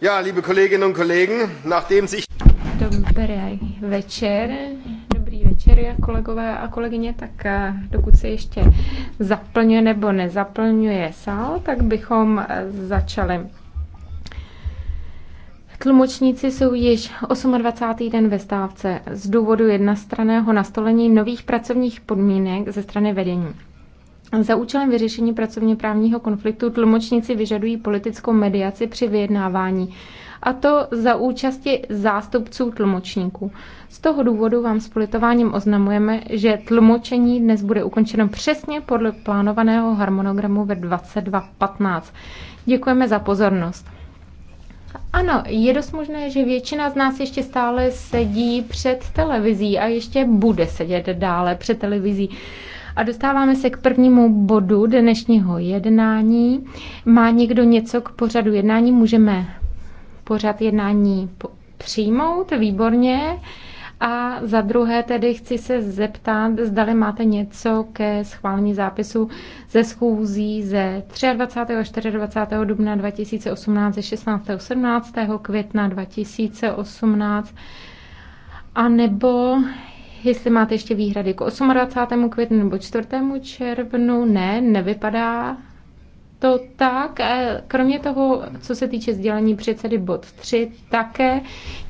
Ja, liebe Kolleginnen und Kollegen, nachdem sich... Dobrý večer, dobrý večer, kolegové a kolegyně, tak eh, dokud se ještě zaplňuje nebo nezaplňuje sál, tak bychom eh, začali. Tlumočníci jsou již 28. den ve stávce z důvodu jednostraného nastolení nových pracovních podmínek ze strany vedení. Za účelem vyřešení pracovně právního konfliktu tlumočníci vyžadují politickou mediaci při vyjednávání, a to za účasti zástupců tlumočníků. Z toho důvodu vám s politováním oznamujeme, že tlumočení dnes bude ukončeno přesně podle plánovaného harmonogramu ve 22.15. Děkujeme za pozornost. Ano, je dost možné, že většina z nás ještě stále sedí před televizí a ještě bude sedět dále před televizí. A dostáváme se k prvnímu bodu dnešního jednání. Má někdo něco k pořadu jednání? Můžeme pořad jednání přijmout, výborně. A za druhé tedy chci se zeptat, zdali máte něco ke schválení zápisu ze schůzí ze 23. a 24. dubna 2018, ze 16. a 17. května 2018, a nebo jestli máte ještě výhrady k 28. květnu nebo 4. červnu, ne, nevypadá to tak. E, kromě toho, co se týče sdělení předsedy bod 3, také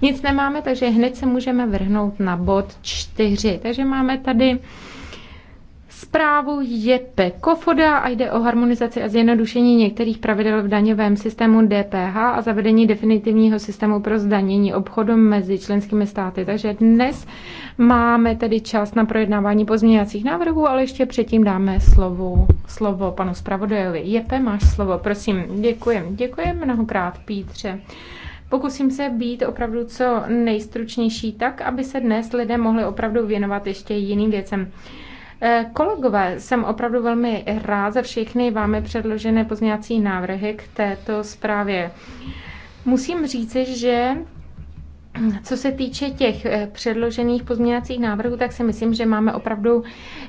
nic nemáme, takže hned se můžeme vrhnout na bod 4. Takže máme tady zprávu Jepe Kofoda a jde o harmonizaci a zjednodušení některých pravidel v daňovém systému DPH a zavedení definitivního systému pro zdanění obchodu mezi členskými státy. Takže dnes máme tedy čas na projednávání pozměňovacích návrhů, ale ještě předtím dáme slovo, slovo panu zpravodajovi. Jepe, máš slovo, prosím. Děkuji. Děkuji mnohokrát, Pítře. Pokusím se být opravdu co nejstručnější tak, aby se dnes lidé mohli opravdu věnovat ještě jiným věcem. Eh, kolegové, jsem opravdu velmi rád za všechny vámi předložené pozměňovací návrhy k této zprávě. Musím říci, že co se týče těch eh, předložených pozměňovacích návrhů, tak si myslím, že máme opravdu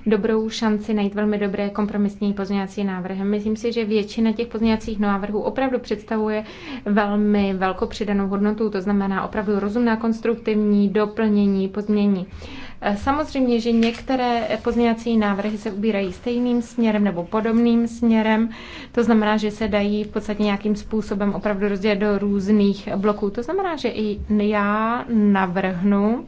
dobrou šanci najít velmi dobré kompromisní pozměňovací návrhy. Myslím si, že většina těch pozměňovacích návrhů opravdu představuje velmi velkou přidanou hodnotu, to znamená opravdu rozumná konstruktivní doplnění, pozmění. Samozřejmě, že některé pozměňovací návrhy se ubírají stejným směrem nebo podobným směrem, to znamená, že se dají v podstatě nějakým způsobem opravdu rozdělit do různých bloků. To znamená, že i já navrhnu,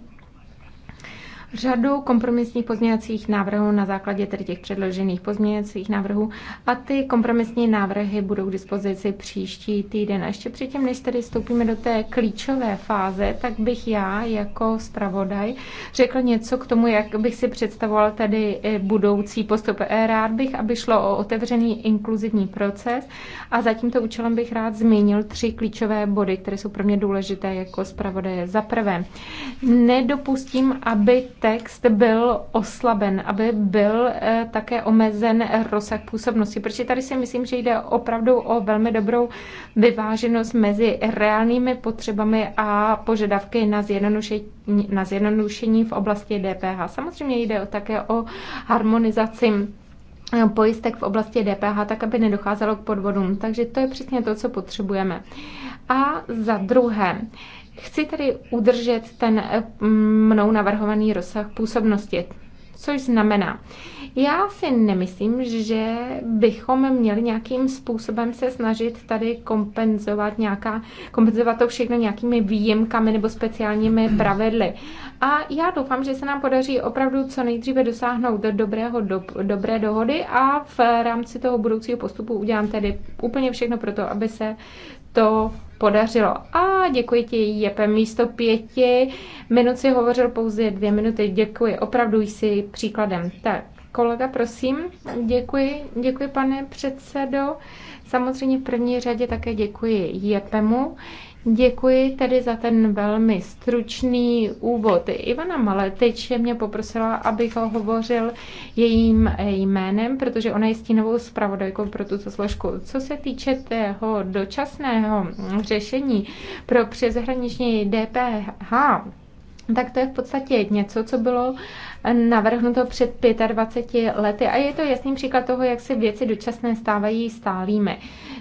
řadu kompromisních pozměňovacích návrhů na základě tedy těch předložených pozměňovacích návrhů a ty kompromisní návrhy budou k dispozici příští týden. A ještě předtím, než tedy vstoupíme do té klíčové fáze, tak bych já jako zpravodaj řekl něco k tomu, jak bych si představoval tedy budoucí postup. E, rád bych, aby šlo o otevřený inkluzivní proces a za tímto účelem bych rád zmínil tři klíčové body, které jsou pro mě důležité jako zpravodaje. Za prvé, nedopustím, aby text byl oslaben, aby byl eh, také omezen rozsah působnosti, protože tady si myslím, že jde opravdu o velmi dobrou vyváženost mezi reálnými potřebami a požadavky na zjednodušení, na zjednodušení v oblasti DPH. Samozřejmě jde také o harmonizaci Eh, pojistek v oblasti DPH, tak aby nedocházelo k podvodům. Takže to je přesně to, co potřebujeme. A za druhé, chci tady udržet ten eh, mnou navrhovaný rozsah působnosti což znamená, já si nemyslím, že bychom měli nějakým způsobem se snažit tady kompenzovat, nějaká, kompenzovat to všechno nějakými výjimkami nebo speciálními pravidly. A já doufám, že se nám podaří opravdu co nejdříve dosáhnout do dobrého, do, dobré dohody a v rámci toho budoucího postupu udělám tedy úplně všechno pro to, aby se to podařilo. A děkuji ti, Jepe, místo pěti minut si hovořil pouze dvě minuty. Děkuji, opravdu jsi příkladem. Tak, kolega, prosím. Děkuji, děkuji, pane předsedo. Samozřejmě v první řadě také děkuji Jepemu. Děkuji tedy za ten velmi stručný úvod. Ivana Maletič mě poprosila, abych ho hovořil jejím jménem, protože ona je stínovou zpravodajkou pro tuto složku. Co se týče tého dočasného řešení pro přeshraniční DPH, tak to je v podstatě něco, co bylo navrhnuto před 25 lety a je to jasný příklad toho, jak se věci dočasné stávají stálými.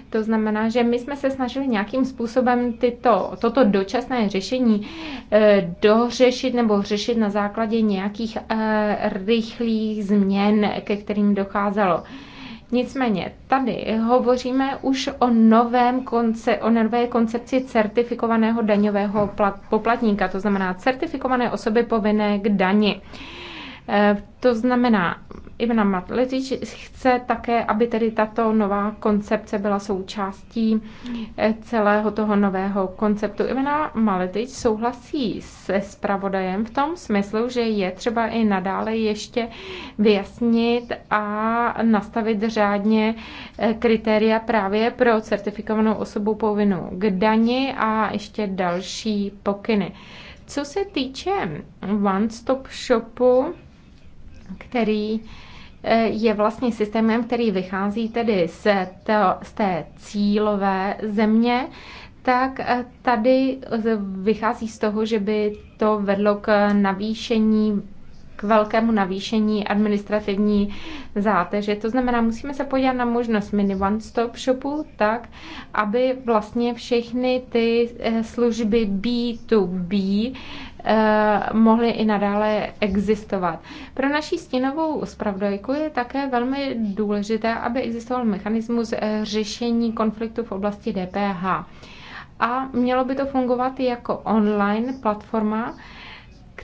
To znamená, že my jsme se snažili nějakým způsobem tyto, toto dočasné řešení eh, dořešit nebo řešit na základě nějakých eh, rychlých změn, ke kterým docházelo. Nicméně tady hovoříme už o, novém konce, o nové koncepci certifikovaného daňového poplatníka, to znamená certifikované osoby povinné k dani. Eh, to znamená, Ivana Matletič chce také, aby tedy tato nová koncepce byla součástí eh, celého toho nového konceptu. Ivana Maletič souhlasí se spravodajem v tom smyslu, že je třeba i nadále ještě vyjasnit a nastavit řádně eh, kritéria právě pro certifikovanou osobu povinnou k dani a ještě další pokyny. Co se týče one-stop shopu, který eh, je vlastně systémem, který vychází tedy z, to, z té cílové země, tak eh, tady vychází z toho, že by to vedlo k navýšení k velkému navýšení administrativní zátěže. To znamená, musíme se podívat na možnost mini one-stop shopu, tak, aby vlastně všechny ty eh, služby B2B Eh, mohly i nadále existovat. Pro naší stínovou zpravodajku je také velmi důležité, aby existoval mechanismus eh, řešení konfliktu v oblasti DPH. A mělo by to fungovat jako online platforma,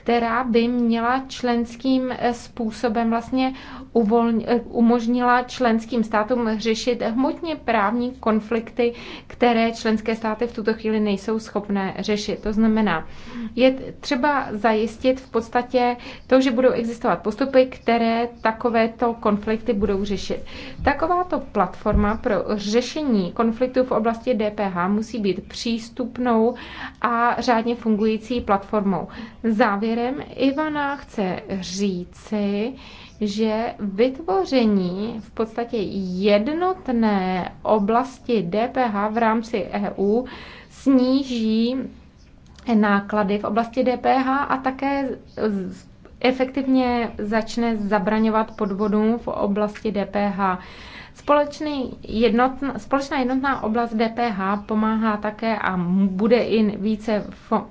která by měla členským eh, způsobem vlastně eh, umožnila členským státům řešit hmotně právní konflikty, které členské státy v tuto chvíli nejsou schopné řešit. To znamená, je třeba zajistit v podstatě to, že budou existovat postupy, které takovéto konflikty budou řešit. Takováto platforma pro řešení konfliktů v oblasti DPH musí být přístupnou a řádně fungující platformou. Závěr závěrem Ivana chce říci, že vytvoření v podstatě jednotné oblasti DPH v rámci EU sníží náklady v oblasti DPH a také efektivně začne zabraňovat podvodům v oblasti DPH. Společný jednotn, společná jednotná oblast DPH pomáhá také a bude i více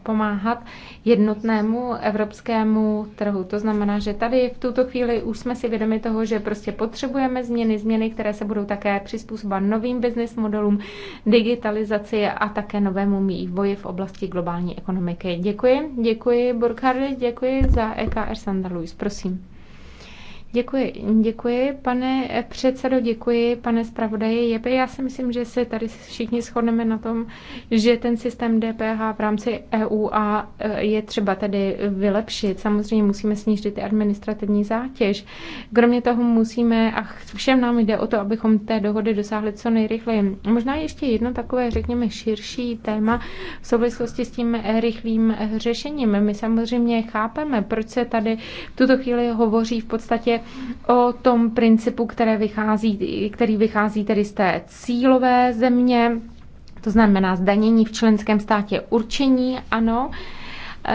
pomáhat jednotnému evropskému trhu. To znamená, že tady v tuto chvíli už jsme si vědomi toho, že prostě potřebujeme změny, změny, které se budou také přizpůsobovat novým business modelům, digitalizaci a také novému vývoji v oblasti globální ekonomiky. Děkuji, děkuji Burkhardy, děkuji za EKR Sandra Luis, prosím. Děkuji, děkuji, pane předsedo, děkuji, pane zpravodaji Jebe. Já si myslím, že se tady všichni shodneme na tom, že ten systém DPH v rámci EU a e, je třeba tady vylepšit. Samozřejmě musíme snížit ty administrativní zátěž. Kromě toho musíme, a všem nám jde o to, abychom té dohody dosáhli co nejrychleji. Možná ještě jedno takové, řekněme, širší téma v souvislosti s tím rychlým řešením. My samozřejmě chápeme, proč se tady v tuto chvíli hovoří v podstatě o tom principu, které vychází, který vychází tedy z té cílové země, to znamená zdanění v členském státě určení, ano.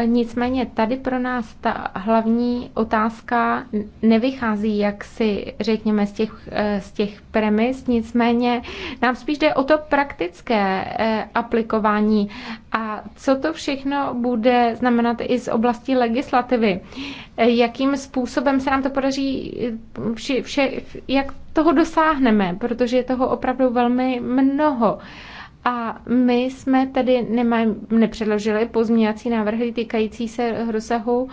Nicméně tady pro nás ta hlavní otázka nevychází, jak si řekněme, z těch, eh, z těch premis, nicméně nám spíš jde o to praktické eh, aplikování a co to všechno bude znamenat i z oblasti legislativy. Eh, jakým způsobem se nám to podaří, vše, vše, jak toho dosáhneme, protože je toho opravdu velmi mnoho. A my jsme tedy nemaj, nepředložili pozměňovací návrhy týkající se rozsahu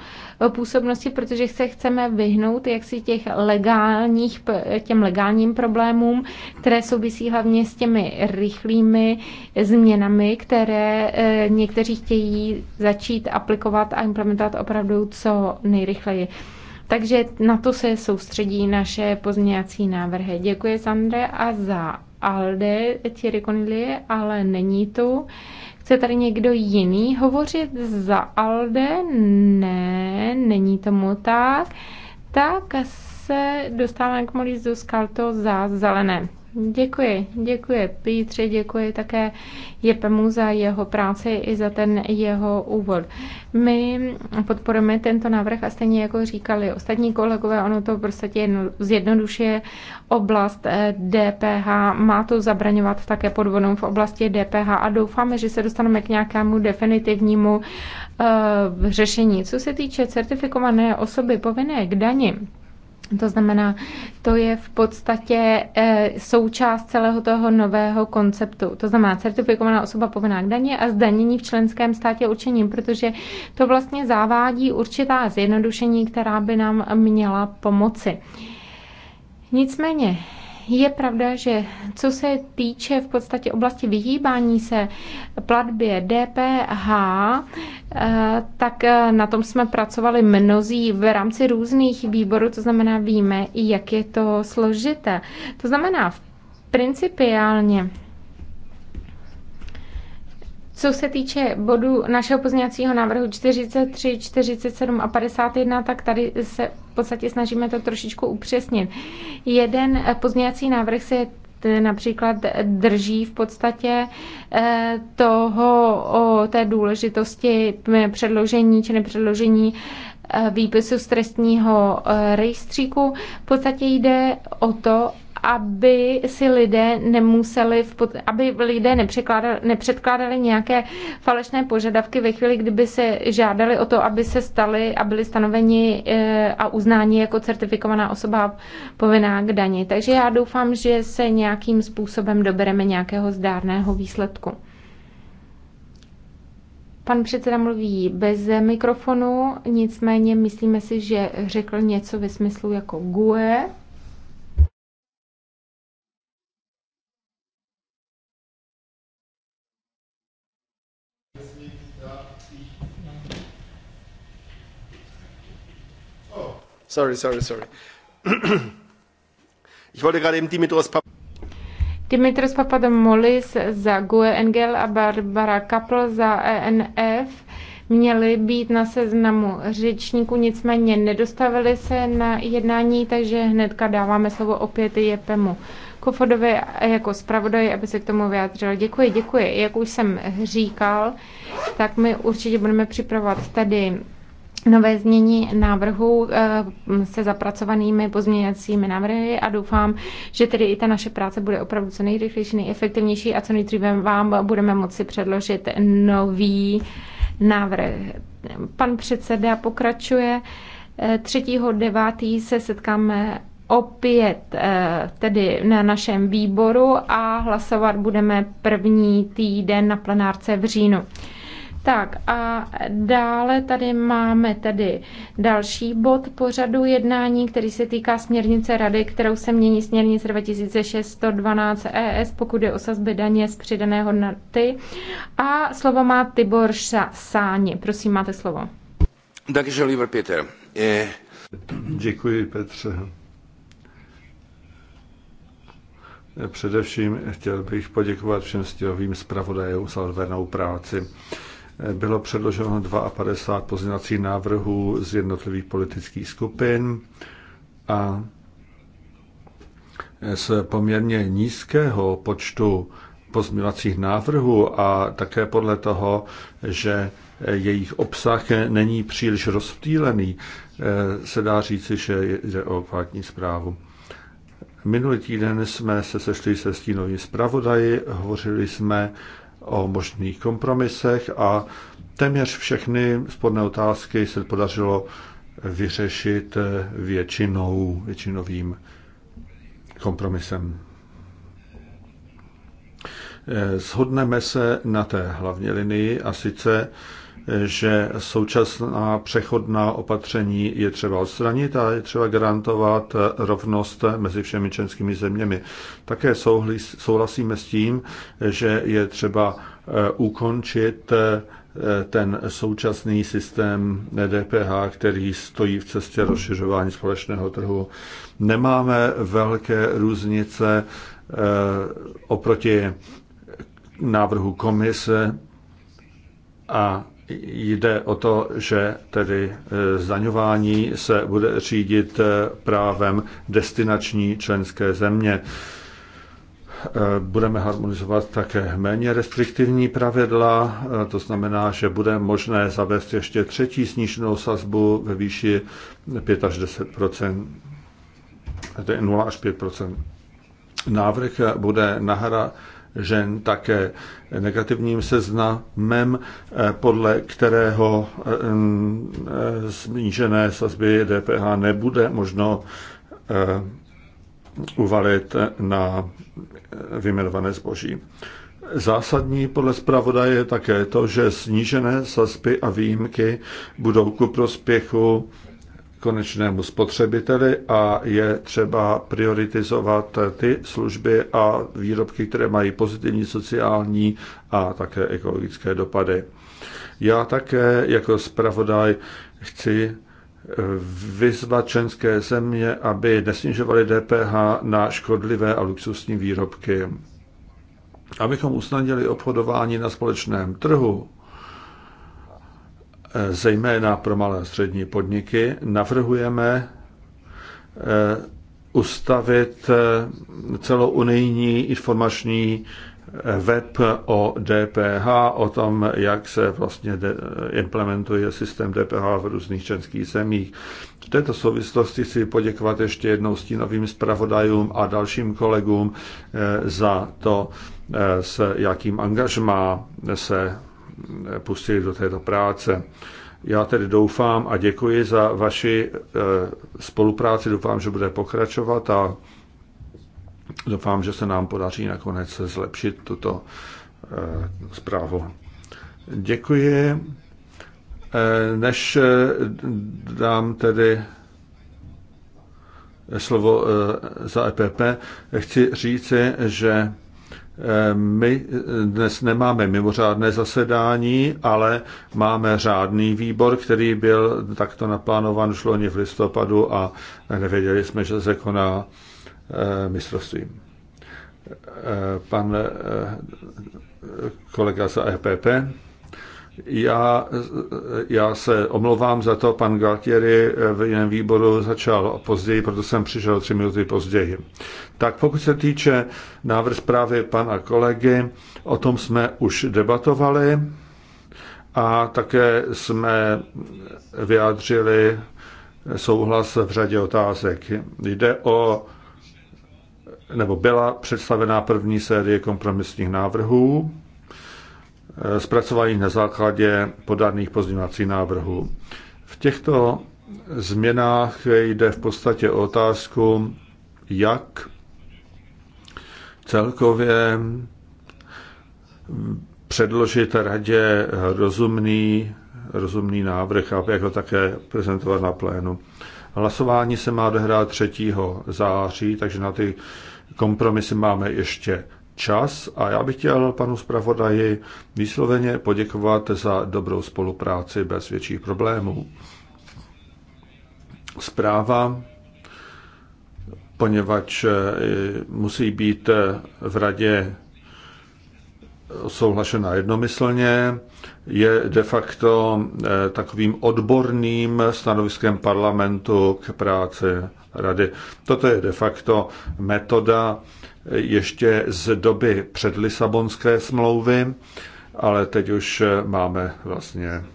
působnosti, protože se chceme vyhnout jaksi těch legálních, těm legálním problémům, které souvisí hlavně s těmi rychlými změnami, které e, někteří chtějí začít aplikovat a implementovat opravdu co nejrychleji. Takže na to se soustředí naše pozměňovací návrhy. Děkuji, Sandre, a za Alde Thierry Conilie, ale není tu. Chce tady někdo jiný hovořit za Alde? Ne, není tomu tak. Tak se dostáváme k Molizu Skalto za zelené. Děkuji, děkuji Pítře, děkuji také Jepemu za jeho práci i za ten jeho úvod. My podporujeme tento návrh a stejně jako říkali ostatní kolegové, ono to prostě zjednodušuje oblast DPH, eh, má to zabraňovat také podvodům v oblasti DPH a doufáme, že se dostaneme k nějakému definitivnímu uh, řešení. Co se týče certifikované osoby povinné k dani, to znamená, to je v podstatě eh, součást celého toho nového konceptu. To znamená, certifikovaná osoba povinná k daně a zdanění v členském státě určením, protože to vlastně zavádí určitá zjednodušení, která by nám měla pomoci. Nicméně je pravda, že co se týče v podstatě oblasti vyhýbání se platbě DPH, eh, tak eh, na tom jsme pracovali mnozí v rámci různých výborů, to znamená víme, jak je to složité. To znamená principiálně co se týče bodu našeho pozměňovacího návrhu 43, 47 a 51, tak tady se v podstatě snažíme to trošičku upřesnit. Jeden eh, pozměňovací návrh se eh, například drží v podstatě eh, toho o té důležitosti předložení či nepředložení výpisu z trestního rejstříku. V podstatě jde o to, aby si lidé nemuseli, aby lidé nepředkládali nějaké falešné požadavky ve chvíli, kdyby se žádali o to, aby se stali a byli stanoveni e, a uznáni jako certifikovaná osoba povinná k dani. Takže já doufám, že se nějakým způsobem dobereme nějakého zdárného výsledku. Pan předseda mluví bez mikrofonu, nicméně myslíme si, že řekl něco ve smyslu jako GUE. Sorry, sorry, sorry. ich wollte gerade eben Dimitros Pap Dimitros Papadopoulos za GUE NGL a Barbara Kapl za ENF měli být na seznamu řečníků, nicméně nedostavili se na jednání, takže hnedka dáváme slovo opět Jepemu Kofodovi jako zpravodaji, aby se k tomu vyjádřil. Děkuji, děkuji. Jak už jsem říkal, tak my určitě budeme připravovat tady nové znění návrhu eh, se zapracovanými pozměňovacími návrhy a doufám, že tedy i ta naše práce bude opravdu co nejrychlejší, nejefektivnější a co nejdříve vám budeme moci předložit nový návrh. Pan předseda pokračuje. 3.9. Eh, se setkáme opět eh, tedy na našem výboru a hlasovat budeme první týden na plenárce v říjnu. Tak a dále tady máme tedy další bod pořadu jednání, který se týká směrnice Rady, kterou se mění směrnice 2612 ES, pokud je o sazby daně z přidané hodnoty. A slovo má Tibor Sáni. Prosím, máte slovo. Takže, lieber Peter. Eh, Děkuji, Petře. Především chtěl bych poděkovat všem stěhovým zpravodajům za odvernou práci bylo předloženo 52 pozměňovacích návrhů z jednotlivých politických skupin a z poměrně nízkého počtu pozměňovacích návrhů a také podle toho, že jejich obsah není příliš rozptýlený, se dá říci, že jde o kvalitní zprávu. Minulý týden jsme se sešli se stínovým zpravodaji, hovořili jsme o možných kompromisech a téměř všechny sporné otázky se podařilo vyřešit většinou, většinovým kompromisem. Eh, shodneme se na té hlavní linii a sice že současná přechodná opatření je třeba odstranit a je třeba garantovat rovnost mezi všemi členskými zeměmi. Také souhlasíme s tím, že je třeba eh, ukončit eh, ten současný systém DPH, který stojí v cestě rozšiřování společného trhu. Nemáme velké různice eh, oproti návrhu komise a jde o to, že tedy e, zdaňování se bude řídit e, právem destinační členské země. E, budeme harmonizovat také méně restriktivní pravidla, to znamená, že bude možné zavést ještě třetí sníženou sazbu ve výši 5 až 10 je 0 až 5 Návrh bude nahra, žen také negativním seznamem, eh, podle kterého eh, eh, snížené sazby DPH nebude možno uvalit na vyjmenované zboží. Zásadní podle zpravodaje je také to, že snížené sazby a výjimky budou ku prospěchu konečnému spotřebiteli a je třeba prioritizovat ty služby a výrobky, které mají pozitivní sociální a také ekologické dopady. Já také jako zpravodaj chci vyzvat členské země, aby nesnižovaly DPH na škodlivé a luxusní výrobky. Abychom usnadili obchodování na společném trhu, zejména pro malé a střední podniky, navrhujeme eh, ustavit eh, celounijní informační eh, web o DPH, o tom, jak se vlastně implementuje systém DPH v různých členských zemích. V této souvislosti chci poděkovat ještě jednou stínovým zpravodajům a dalším kolegům za to, s jakým angažmá se pustili do této práce. Já tedy doufám a děkuji za vaši eh, spolupráci, doufám, že bude pokračovat a doufám, že se nám podaří nakonec zlepšit tuto eh, zprávu. Děkuji. Eh, než dám tedy slovo za EPP, chci říci, že my dnes nemáme mimořádné zasedání, ale máme řádný výbor, který byl takto naplánovan už loni v listopadu a nevěděli jsme, že se koná eh, mistrovství. Eh, pan eh, kolega za EPP. Já, já se omlouvám za to, pan Galtieri v jiném výboru začal později, proto jsem přišel tři minuty později. Tak pokud se týče návrh zprávy pana kolegy, o tom jsme už debatovali a také jsme vyjádřili souhlas v řadě otázek. Jde o nebo byla představená první série kompromisních návrhů, Eh, zpracovaný na základě podaných pozměňovacích návrhů. V těchto změnách jde v podstatě o otázku, jak celkově předložit radě rozumný, rozumný návrh a jak ho také prezentovat na plénu. Hlasování se má odehrát 3. září, takže na ty kompromisy máme ještě čas a já bych chtěl panu zpravodaji výsloveně poděkovat za dobrou spolupráci bez větších problémů. Zpráva, poněvadž e, musí být v radě souhlašena jednomyslně, je de facto e, takovým odborným stanoviskem parlamentu k práci rady. Toto je de facto metoda ještě z doby před Lisabonské smlouvy, ale teď už máme vlastně eh,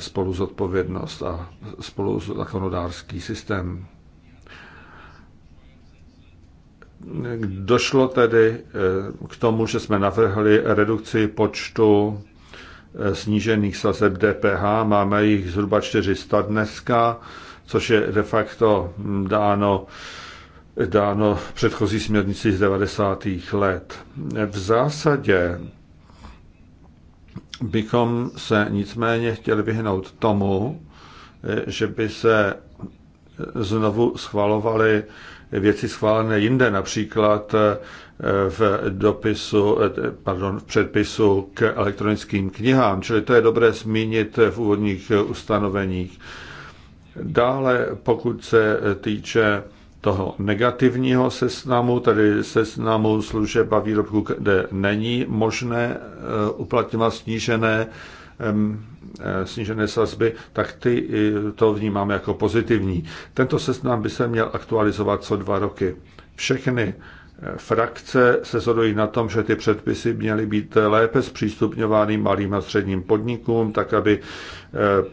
spolu zodpovědnost a spolu zákonodárský systém. Došlo tedy eh, k tomu, že jsme navrhli redukci počtu eh, snížených sazeb DPH. Máme jich zhruba 400 dneska, což je de facto dáno dáno předchozí směrnici z 90. let. V zásadě bychom se nicméně chtěli vyhnout tomu, že by se znovu schvalovaly věci schválené jinde, například eh, v dopisu, eh, pardon, v předpisu k elektronickým knihám, čili to je dobré zmínit v úvodních ustanoveních. Dále, pokud se týče toho negativního seznamu, tedy seznamu služeb a výrobků, kde není možné eh, uplatňovat snížené, eh, snížené sazby, tak ty eh, to vnímáme jako pozitivní. Tento seznam by se měl aktualizovat co dva roky. Všechny frakce se zhodují na tom, že ty předpisy měly být lépe zpřístupňovány malým a středním podnikům, tak aby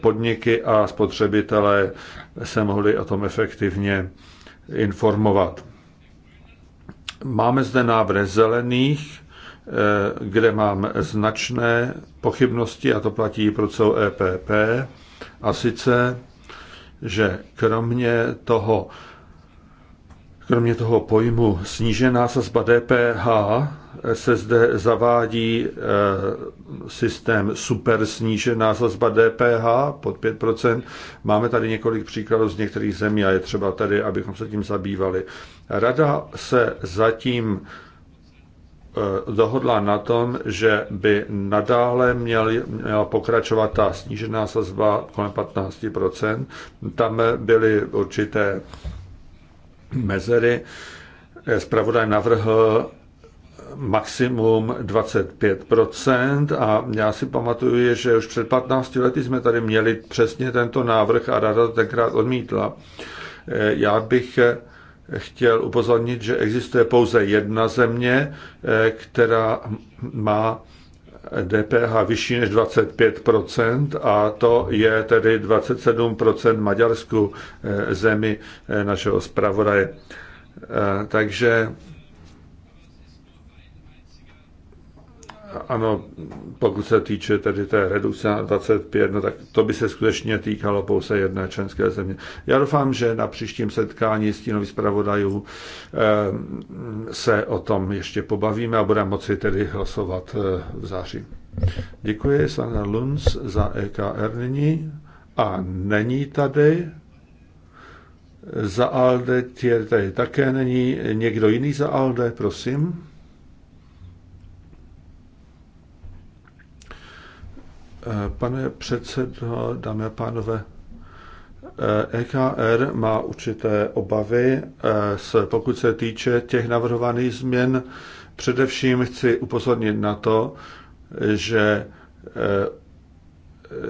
podniky a spotřebitelé se mohli o tom efektivně informovat. Máme zde návrh zelených, eh, kde mám značné pochybnosti, a to platí pro celou EPP, a sice, že kromě toho, kromě toho pojmu snížená sazba DPH, se zde zavádí eh, systém super snížená sazba DPH pod 5%. Máme tady několik příkladů z některých zemí a je třeba tady, abychom se tím zabývali. Rada se zatím eh, dohodla na tom, že by nadále měla pokračovat ta snížená sazba kolem 15%. Tam byly určité mezery. Spravodaj navrhl maximum 25 a já si pamatuju, že už před 15 lety jsme tady měli přesně tento návrh a rada to tenkrát odmítla. Eh, já bych eh, chtěl upozornit, že existuje pouze jedna země, eh, která má DPH vyšší než 25%, a to je tedy 27% Maďarsku, zemi našeho zpravodaje. Takže ano, pokud se týče tedy té redukce na 25, no tak to by se skutečně týkalo pouze jedné členské země. Já doufám, že na příštím setkání stínových zpravodajů eh, se o tom ještě pobavíme a budeme moci tedy hlasovat eh, v září. Děkuji Sandra Luns za EKR nyní. A není tady. Za ALDE tady také není. Někdo jiný za ALDE, prosím. Eh, pane předsedo, dámy a pánové, EKR eh, e má určité obavy, eh, pokud se týče těch navrhovaných změn. Především chci upozornit na to, že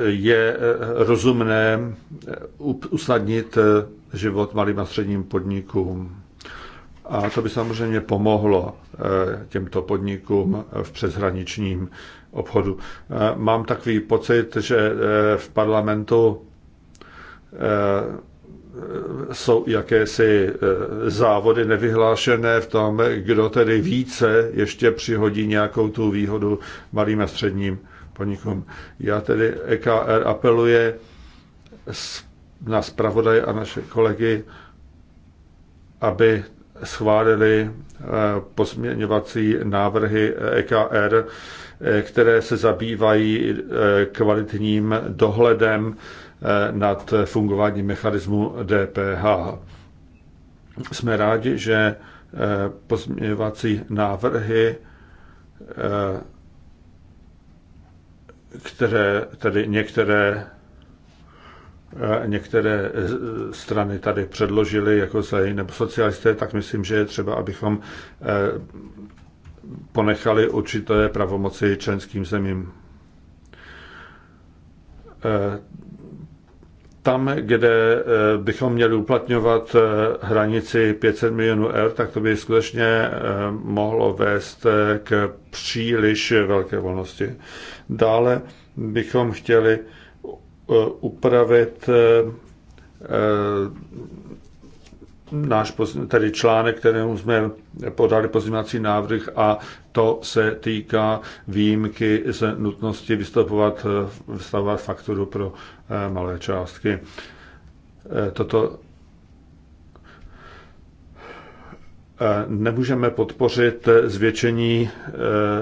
je rozumné usnadnit život malým a středním podnikům. A to by samozřejmě pomohlo eh, těmto podnikům eh, v přeshraničním obchodu. Eh, mám takový pocit, že v parlamentu jsou jakési závody nevyhlášené v tom, kdo tedy více ještě přihodí nějakou tu výhodu malým a středním podnikům. Já tedy EKR apeluje na zpravodaj a naše kolegy, aby schválili eh, pozměňovací návrhy EKR, eh, které se zabývají eh, kvalitním dohledem nad fungováním mechanismu DPH. Jsme rádi, že pozměňovací návrhy, které tedy některé některé eh, strany tady předložily, jako zelení nebo socialisté, tak myslím, že je třeba, abychom eh, ponechali určité pravomoci členským zemím. Eh, tam, kde bychom měli uplatňovat hranici 500 milionů eur, tak to by skutečně mohlo vést k příliš velké volnosti. Dále bychom chtěli Eh, upravit eh, náš tedy článek, kterému jsme podali pozměňovací návrh a to se týká výjimky z nutnosti vystupovat, eh, vystavovat fakturu pro malé částky. Toto nemůžeme podpořit zvětšení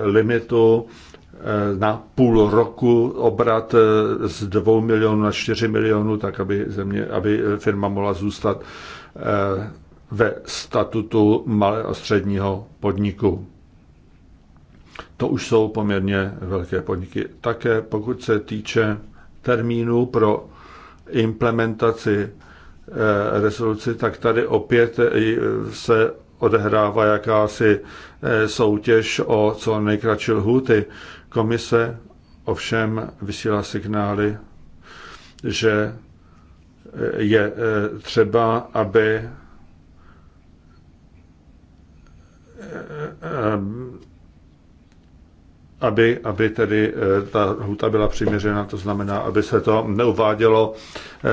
limitu Eh, na půl roku obrat eh, z 2 milionů na 4 milionů, tak aby, země, aby firma mohla zůstat eh, ve statutu malého středního podniku. To už jsou poměrně velké podniky. Také pokud se týče termínu pro implementaci rezoluci, tak tady opět se odehrává jakási soutěž o co nejkratší lhuty. Komise ovšem vysílá signály, že eh, je eh, třeba, aby eh, aby, aby tedy ta huta byla přiměřena, to znamená, aby se to neuvádělo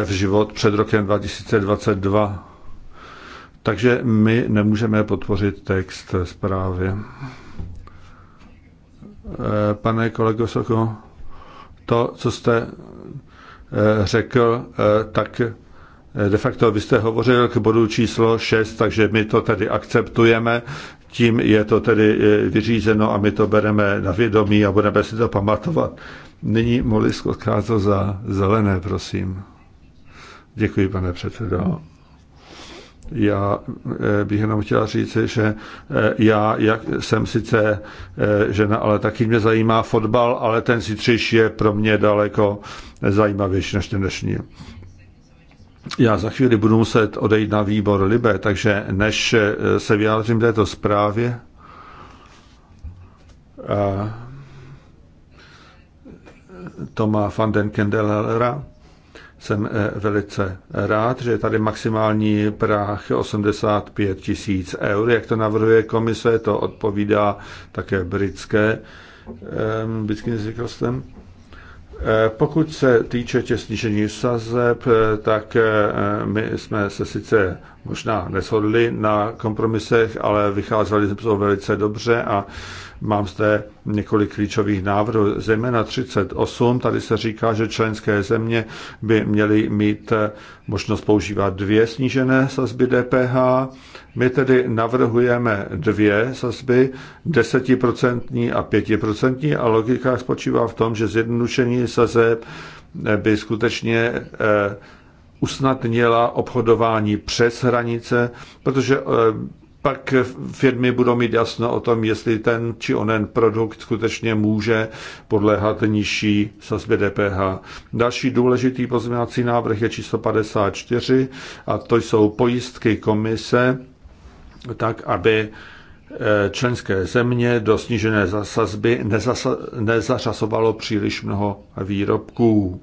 v život před rokem 2022. Takže my nemůžeme podpořit text zprávy. Eh, pane kolego Soko, to, co jste eh, řekl, eh, tak de facto vy jste hovořil k bodu číslo 6, takže my to tedy akceptujeme, tím je to tedy vyřízeno a my to bereme na vědomí a budeme si to pamatovat. Nyní Molisko Kázo za zelené, prosím. Děkuji, pane předsedo. Já eh, bych jenom chtěla říct, že eh, já jak jsem sice eh, žena, ale taky mě zajímá fotbal, ale ten zítřejší je pro mě daleko zajímavější než ten dnešní. Já za chvíli budu muset odejít na výbor Libe, takže než se vyjádřím této zprávě, to van den Kendelera, jsem eh, velice rád, že je tady maximální práh 85 tisíc eur. Jak to navrhuje komise, to odpovídá také britské, eh, britským zvyklostem. Eh, pokud se týče tě snížení sazeb, eh, tak eh, my jsme se sice možná neshodli na kompromisech, ale vycházeli jsme to velice dobře a mám zde několik klíčových návrhů, zejména 38. Tady se říká, že členské země by měly mít možnost používat dvě snížené sazby DPH my tedy navrhujeme dvě sazby, desetiprocentní a pětiprocentní a logika spočívá v tom, že zjednodušení sazeb eh, by skutečně eh, usnadnila obchodování přes hranice, protože eh, pak firmy budou mít jasno o tom, jestli ten či onen produkt skutečně může podléhat nižší sazbě DPH. Další důležitý pozměňovací návrh je číslo 54 a to jsou pojistky komise tak, aby eh, členské země do snížené sazby nezasa, nezařazovalo příliš mnoho výrobků.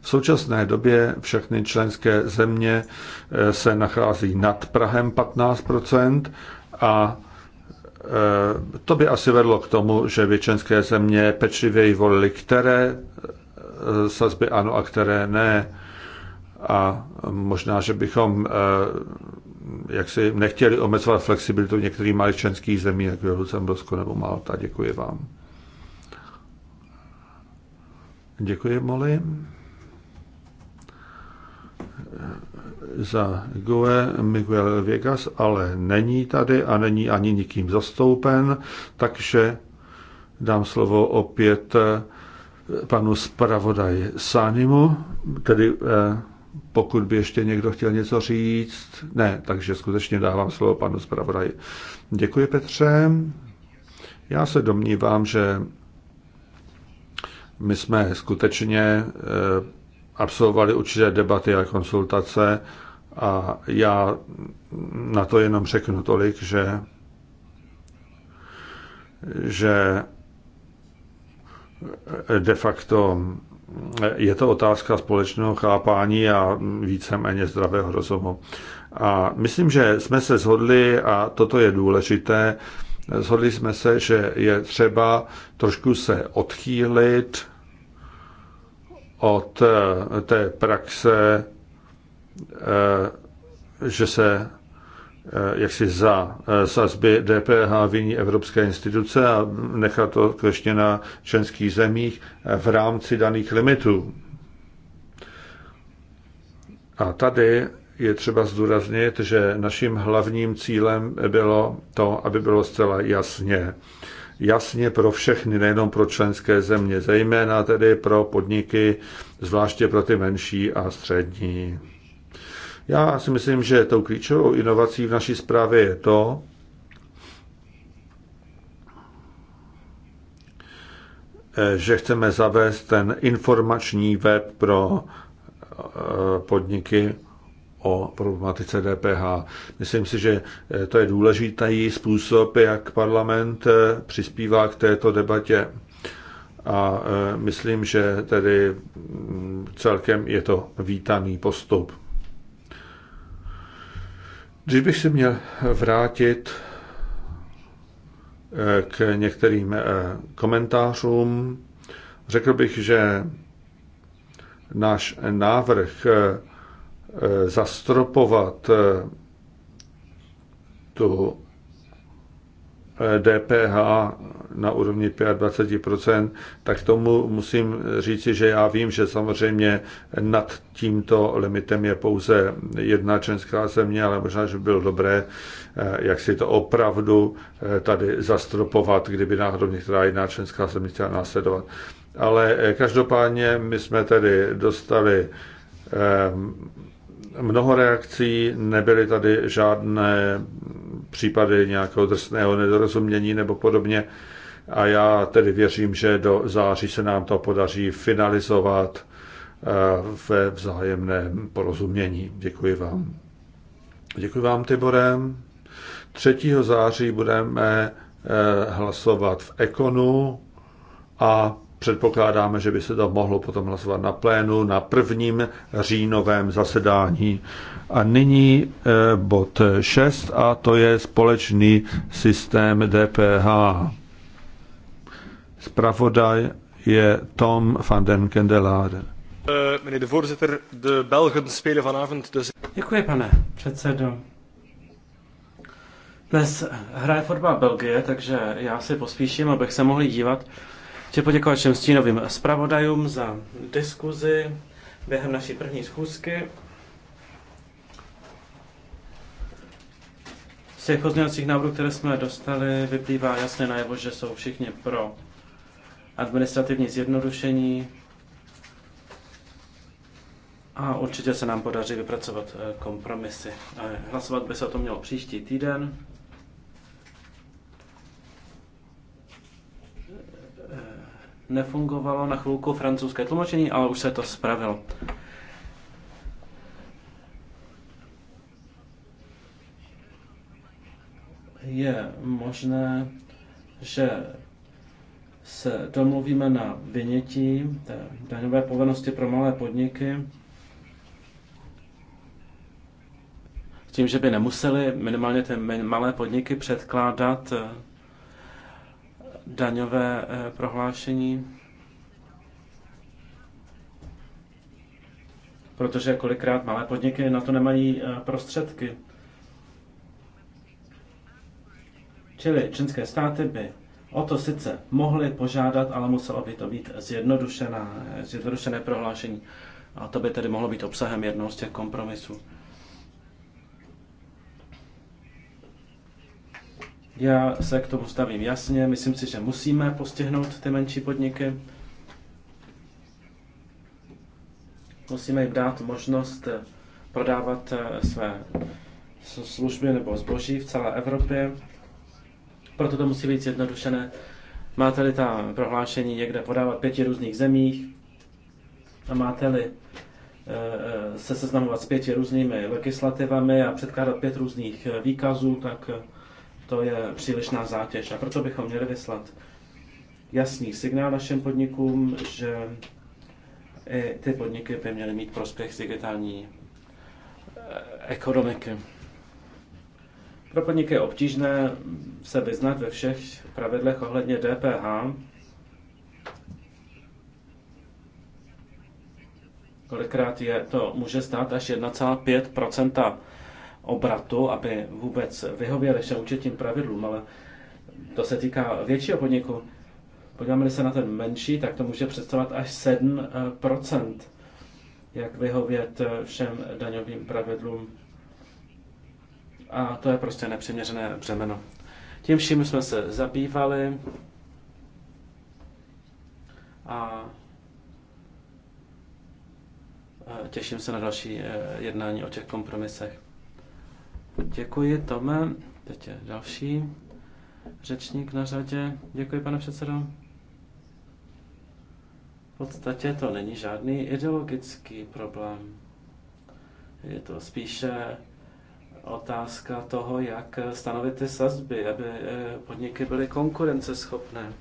V současné době všechny členské země eh, se nachází nad Prahem 15 a eh, to by asi vedlo k tomu, že by členské země pečlivěji volily, které sazby ano a které ne. A možná, že bychom jak si nechtěli omezovat flexibilitu některých malých členských zemí, jako je Lucembursko nebo Malta. Děkuji vám. Děkuji, Moli. Za Gue Miguel Vegas, ale není tady a není ani nikým zastoupen, takže dám slovo opět panu zpravodaji Sánimu, tedy eh, pokud by ještě někdo chtěl něco říct. Ne, takže skutečně dávám slovo panu zpravodaji. Děkuji, Petře. Já se domnívám, že my jsme skutečně eh, absolvovali určité debaty a konsultace a já na to jenom řeknu tolik, že, že de facto je to otázka společného chápání a víceméně zdravého rozumu. A myslím, že jsme se shodli, a toto je důležité, shodli jsme se, že je třeba trošku se odchýlit od eh, té praxe, eh, že se Eh, jaksi za eh, sazby DPH viní evropské instituce a nechat to kleště na členských zemích eh, v rámci daných limitů. A tady je třeba zdůraznit, že naším hlavním cílem bylo to, aby bylo zcela jasně. Jasně pro všechny, nejenom pro členské země, zejména tedy pro podniky, zvláště pro ty menší a střední. Já si myslím, že tou klíčovou inovací v naší zprávě je to, že chceme zavést ten informační web pro eh, podniky o problematice DPH. Myslím si, že eh, to je důležitý způsob, jak parlament eh, přispívá k této debatě. A myslím, že tedy mm, celkem je to vítaný postup. Když bych se měl vrátit eh, k některým eh, komentářům, řekl bych, že náš návrh eh, zastropovat tu DPH na úrovni 25%, tak tomu musím říci, že já vím, že samozřejmě nad tímto limitem je pouze jedna členská země, ale možná, že by bylo dobré, eh, jak si to opravdu eh, tady zastropovat, kdyby náhodou některá jedna členská země chtěla následovat. Ale eh, každopádně my jsme tedy dostali mnoho reakcí, nebyly tady žádné případy nějakého drsného nedorozumění nebo podobně. A já tedy věřím, že do září se nám to podaří finalizovat eh, ve vzájemném porozumění. Děkuji vám. Děkuji vám, Tiborem. 3. září budeme eh, hlasovat v Ekonu a předpokládáme, že by se to mohlo potom hlasovat na plénu na prvním říjnovém zasedání. A nyní eh, bod 6 a to je společný systém DPH. Spravodaj je Tom van den Kendelade. Meneer de voorzitter, de Belgen spelen vanavond dus... Děkuji, pane předsedo. Dnes hraje fotbal Belgie, takže já si pospíším, abych se mohl dívat Chci poděkovat všem stínovým zpravodajům za diskuzi během naší první schůzky. Z těch pozměňovacích návrhů, které jsme dostali, vyplývá jasně najevo, že jsou všichni pro administrativní zjednodušení a určitě se nám podaří vypracovat eh, kompromisy. Eh, hlasovat by se o tom mělo příští týden. nefungovalo na chvilku francouzské tlumočení, ale už se to spravilo. Je možné, že se domluvíme na vynětí té daňové povinnosti pro malé podniky, tím, že by nemuseli minimálně ty malé podniky předkládat eh, daňové eh, prohlášení, protože kolikrát malé podniky na to nemají eh, prostředky. Čili čínské státy by o to sice mohly požádat, ale muselo by to být zjednodušené prohlášení. A to by tedy mohlo být obsahem jednoho z těch kompromisů. Já se k tomu stavím jasně. Myslím si, že musíme postihnout ty menší podniky. Musíme jim dát možnost eh, prodávat eh, své služby nebo zboží v celé Evropě. Proto to musí být zjednodušené. Máte-li ta prohlášení někde podávat pěti různých zemích a máte-li eh, se seznamovat s pěti různými legislativami a předkládat pět různých výkazů, tak to je přílišná zátěž a proto bychom měli vyslat jasný signál našim podnikům, že i ty podniky by měly mít prospěch z digitální eh, ekonomiky. Pro podniky je obtížné se vyznat ve všech pravidlech ohledně DPH. Kolikrát je to může stát až 1,5 obratu, aby vůbec vyhověli všem účetním pravidlům, ale to se týká většího podniku. Podíváme se na ten menší, tak to může představovat až 7 eh, jak vyhovět eh, všem daňovým pravidlům. A to je prostě nepřiměřené břemeno. Tím vším jsme se zabývali a eh, těším se na další jednání o těch kompromisech. Děkuji, Tome. Teď je další řečník na řadě. Děkuji, pane předsedo. V podstatě to není žádný ideologický problém. Je to spíše otázka toho, jak stanovit ty sazby, aby eh, podniky byly konkurenceschopné.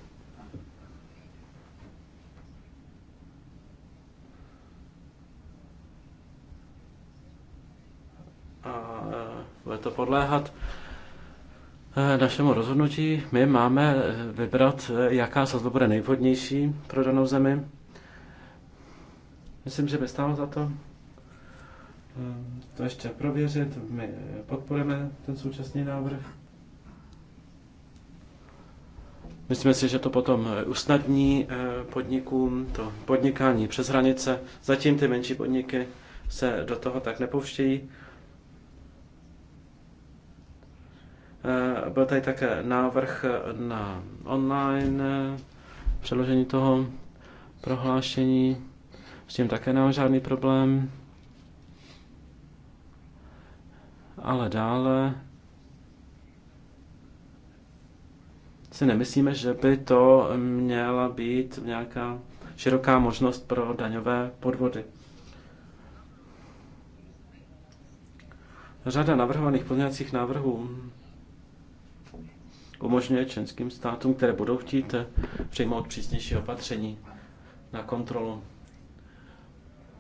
A eh, bude to podléhat eh, našemu rozhodnutí. My máme eh, vybrat, eh, jaká sazba bude nejvhodnější pro danou zemi. Myslím, že by stálo za to to ještě prověřit. My podporujeme ten současný návrh. Myslím si, že to potom usnadní podnikům to podnikání přes hranice. Zatím ty menší podniky se do toho tak nepouštějí. Eh, byl tady také návrh eh, na online eh, přeložení toho prohlášení. S tím také nemám žádný problém. Ale dále si nemyslíme, že by to měla být nějaká široká možnost pro daňové podvody. Řada navrhovaných pozměňovacích návrhů umožňuje členským státům, které budou chtít eh, přijmout přísnější opatření na kontrolu.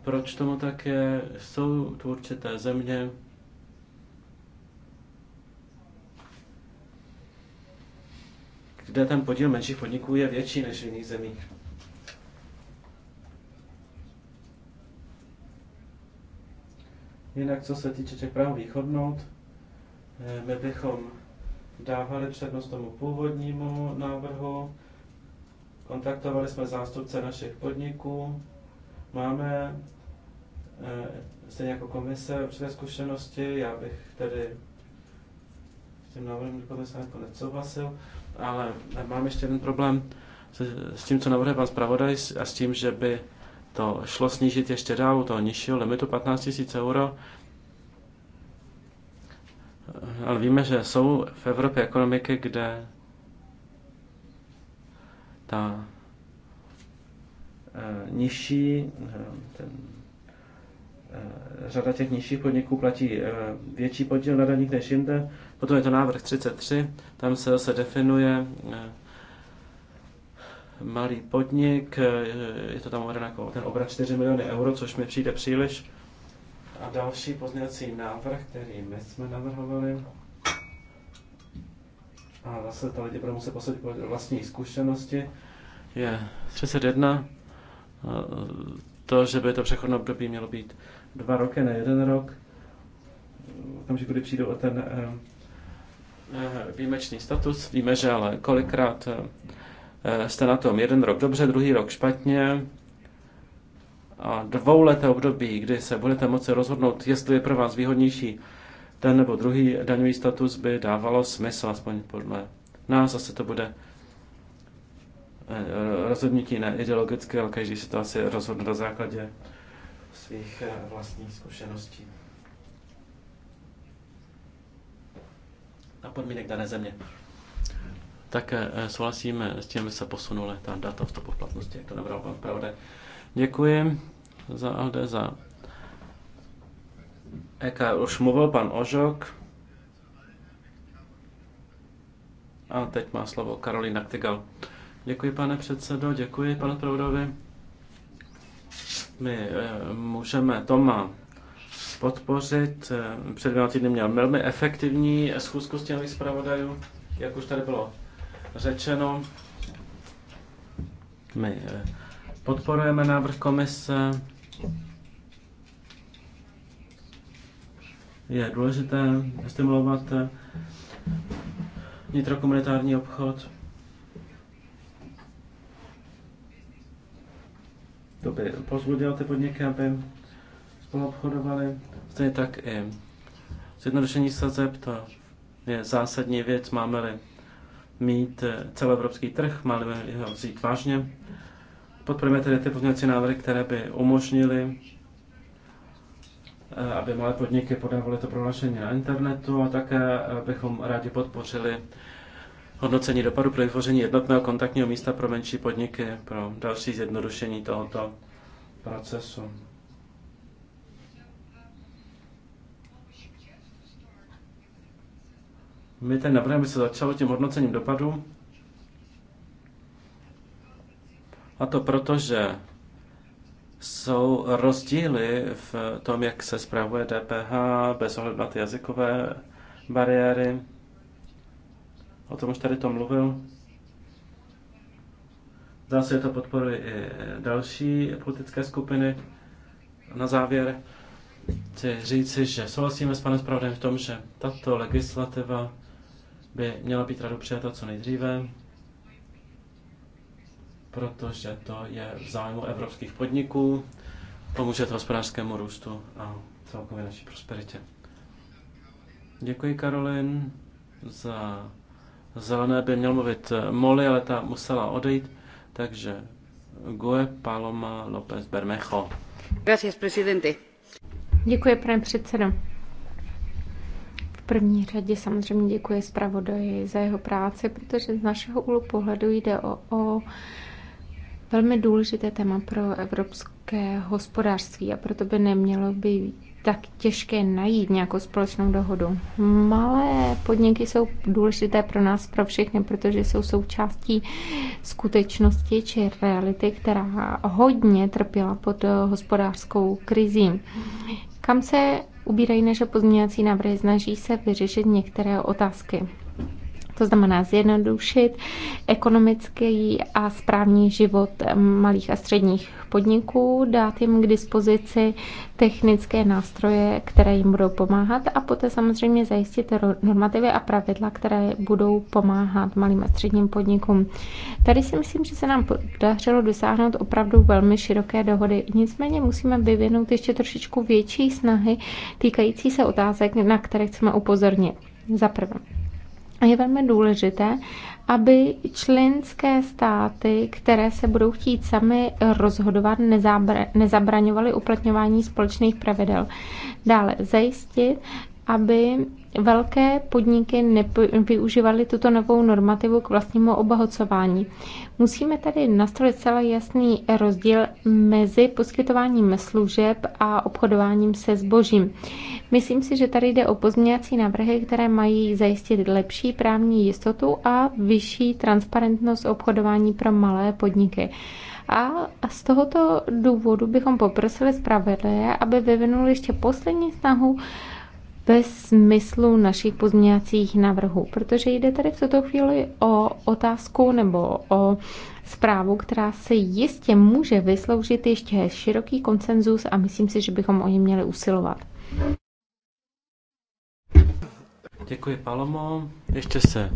Proč tomu tak je? Jsou tu určité země, kde ten podíl menších podniků je větší než v jiných zemích. Jinak, co se týče těch práv východnout, eh, my bychom dávali přednost tomu původnímu návrhu, kontaktovali jsme zástupce našich podniků, máme eh, stejně jako komise určité zkušenosti, já bych tedy s tím návrhem komise jako nesouhlasil, ale mám ještě jeden problém s tím, co navrhuje pan zpravodaj a s tím, že by to šlo snížit ještě dál u toho nižšího limitu 15 000 euro, ale víme, že jsou v Evropě ekonomiky, kde ta eh, nižší, eh, ten, eh, řada těch nižších podniků platí větší podíl na daních než jinde. Potom je to návrh 33, tam se zase definuje malý podnik, je to tam uvedeno jako ten obrat 4 miliony euro, což mi přijde příliš a další pozměňovací návrh, který my jsme navrhovali, a zase to lidi budou muset posoudit podle vlastní zkušenosti, je 31. To, že by to přechodné období mělo být dva roky, ne jeden rok, v že kdy přijdou o ten eh, eh, výjimečný status. Víme, že ale kolikrát eh, jste na tom jeden rok dobře, druhý rok špatně, a dvouleté období, kdy se budete moci rozhodnout, jestli je pro vás výhodnější ten nebo druhý daňový status, by dávalo smysl, aspoň podle nás. Zase to bude eh, rozhodnutí ne ideologické, ale každý si to asi rozhodne na základě svých eh, vlastních zkušeností. A podmínek dané země. Tak eh, souhlasíme s tím, aby se posunuli ta data vstupu v platnosti, jak to nabral pan Pravde. Děkuji za Aldeza. Eka, už mluvil pan Ožok. A teď má slovo Karolina Ktigal. Děkuji, pane předsedo, děkuji, pane Proudovi. My e, můžeme Toma podpořit. Eh, před dvěma týdny měl velmi efektivní schůzku s těmi zpravodajů, jak už tady bylo řečeno. My eh, podporujeme návrh komise je důležité stimulovat eh, vnitrokomunitární obchod. To by pozbudilo ty podniky, aby spolu obchodovali. Stejně tak i zjednodušení sazeb, to je zásadní věc, máme-li mít eh, celoevropský trh, máme-li ho vzít vážně. Podporujeme tedy ty pozměňovací návrhy, které by umožnily Eh, aby malé podniky podávaly to prohlášení na internetu a také eh, bychom rádi podpořili hodnocení dopadu pro vytvoření jednotného kontaktního místa pro menší podniky, pro další zjednodušení tohoto procesu. My teď navrhujeme, aby se začalo tím hodnocením dopadu. A to proto, že jsou rozdíly v tom, jak se zpravuje DPH bez ohledu na ty jazykové bariéry. O tom už tady to mluvil. Zase to podporují i další politické skupiny. Na závěr chci říci, že souhlasíme s panem zpravodajem v tom, že tato legislativa by měla být radu přijata co nejdříve protože to je v zájmu evropských podniků, pomůže to hospodářskému růstu a celkově naší prosperitě. Děkuji, Karolin, za zelené by měl mluvit Molly, ale ta musela odejít, takže Gue Paloma López Bermejo. Gracias, presidente. Děkuji, pane předsedo. V první řadě samozřejmě děkuji zpravodaji za jeho práci, protože z našeho úlu pohledu jde o, o velmi důležité téma pro evropské hospodářství a proto by nemělo být tak těžké najít nějakou společnou dohodu. Malé podniky jsou důležité pro nás, pro všechny, protože jsou součástí skutečnosti či reality, která hodně trpěla pod hospodářskou krizí. Kam se ubírají naše pozměňovací návrhy? Snaží se vyřešit některé otázky to znamená zjednodušit ekonomický a správní život malých a středních podniků, dát jim k dispozici technické nástroje, které jim budou pomáhat a poté samozřejmě zajistit normativy a pravidla, které budou pomáhat malým a středním podnikům. Tady si myslím, že se nám podařilo dosáhnout opravdu velmi široké dohody. Nicméně musíme vyvinout ještě trošičku větší snahy týkající se otázek, na které chceme upozornit. Za prvé, je velmi důležité, aby členské státy, které se budou chtít sami rozhodovat, nezabraňovaly uplatňování společných pravidel. Dále zajistit, aby velké podniky nevyužívaly tuto novou normativu k vlastnímu obohacování. Musíme tady nastavit celý jasný rozdíl mezi poskytováním služeb a obchodováním se zbožím. Myslím si, že tady jde o pozměňovací návrhy, které mají zajistit lepší právní jistotu a vyšší transparentnost obchodování pro malé podniky. A z tohoto důvodu bychom poprosili spravedlivé, aby vyvinuli ještě poslední snahu ve smyslu našich pozměňovacích návrhů, protože jde tady v tuto chvíli o otázku nebo o zprávu, která se jistě může vysloužit ještě široký konsenzus a myslím si, že bychom o ní měli usilovat. Děkuji, Palomo. Ještě se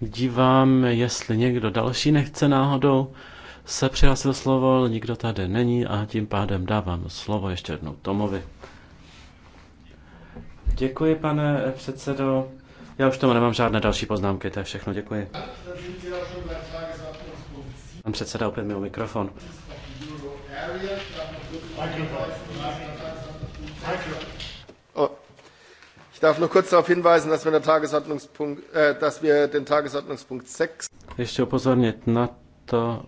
dívám, jestli někdo další nechce náhodou se přihlásil slovo, nikdo tady není a tím pádem dávám slovo ještě jednou Tomovi. Děkuji, pane předsedo. Já už tomu nemám žádné další poznámky, to je všechno, děkuji. Pan předseda opět měl mikrofon. Oh. Äh, Ještě upozornit na to,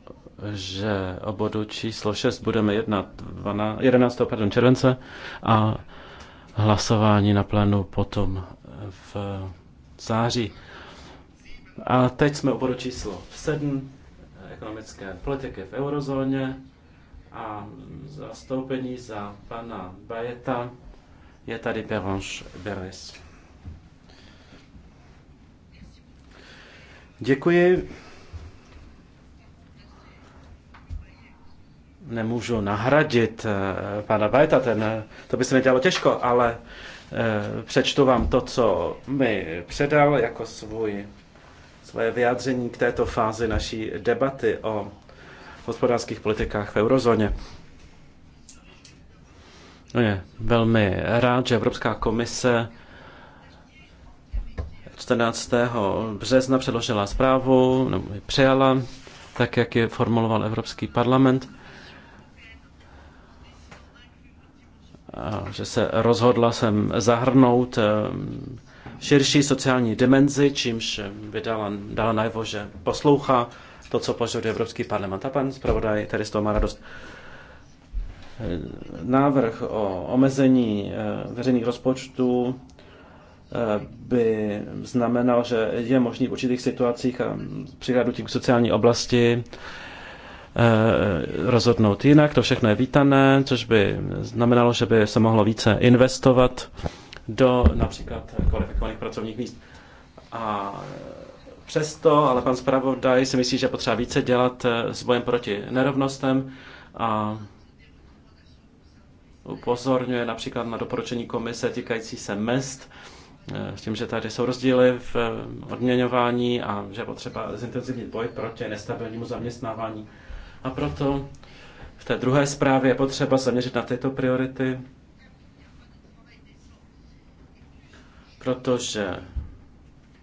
že o bodu číslo 6 budeme jednat 12, 11. Pardon, července a hlasování na plénu potom v září. A teď jsme u bodu číslo 7 ekonomické politiky v eurozóně a zastoupení za pana Bajeta je tady Perange Beres. Děkuji. nemůžu nahradit eh, pana Bajta, ten, eh, to by se mi dělalo těžko, ale eh, přečtu vám to, co mi předal jako svůj, svoje vyjádření k této fázi naší debaty o hospodářských politikách v eurozóně. No je velmi rád, že Evropská komise 14. března předložila zprávu, nebo ji přijala, tak jak je formuloval Evropský parlament. že se rozhodla sem zahrnout eh, širší sociální dimenzi, čímž vydala dala najevo, že poslouchá to, co požaduje Evropský parlament. A pan zpravodaj tady z toho má radost. Eh, návrh o omezení eh, veřejných rozpočtů by znamenal, že je možný v určitých situacích a přihlédnutím k sociální oblasti Eh, rozhodnout jinak. To všechno je vítané, což by znamenalo, že by se mohlo více investovat do například kvalifikovaných pracovních míst. A přesto, ale pan zpravodaj si myslí, že potřeba více dělat eh, s bojem proti nerovnostem a upozorňuje například na doporučení komise týkající se mest, eh, s tím, že tady jsou rozdíly v odměňování a že potřeba zintenzivnit boj proti nestabilnímu zaměstnávání. A proto v té druhé zprávě je potřeba zaměřit na tyto priority, protože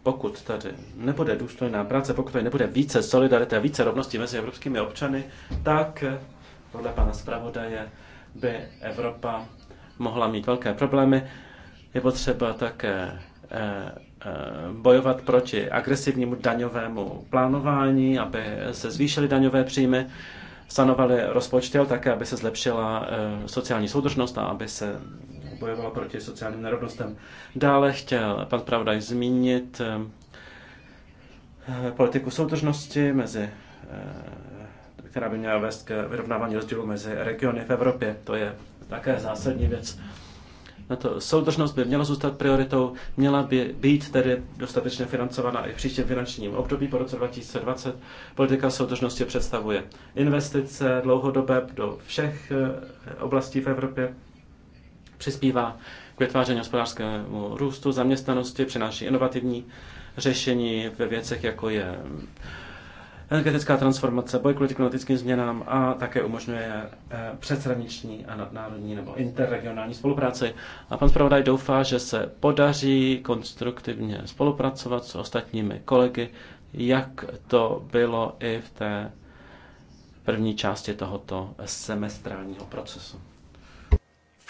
pokud tady nebude důstojná práce, pokud tady nebude více solidarity a více rovnosti mezi evropskými občany, tak podle pana zpravodaje by Evropa mohla mít velké problémy. Je potřeba také eh, Eh, bojovat proti agresivnímu daňovému plánování, aby se zvýšily daňové příjmy, sanovaly rozpočty, ale také, aby se zlepšila eh, sociální soudržnost a aby se bojovalo proti sociálním nerovnostem. Dále chtěl pan Pravdaj zmínit eh, politiku soudržnosti, mezi, která by měla vést k vyrovnávání rozdílu mezi regiony v Evropě. To je také zásadní věc to soudržnost by měla zůstat prioritou, měla by být tedy dostatečně financovaná i v příštím finančním období po roce 2020. Politika soudržnosti představuje investice dlouhodobé do všech eh, oblastí v Evropě, přispívá k vytváření hospodářskému růstu, zaměstnanosti, přináší inovativní řešení ve věcech, jako je Energetická transformace, boj proti klimatickým změnám a také umožňuje eh, přeshraniční a nadnárodní nebo interregionální spolupráci. A pan zpravodaj doufá, že se podaří konstruktivně spolupracovat s ostatními kolegy, jak to bylo i v té první části tohoto semestrálního procesu.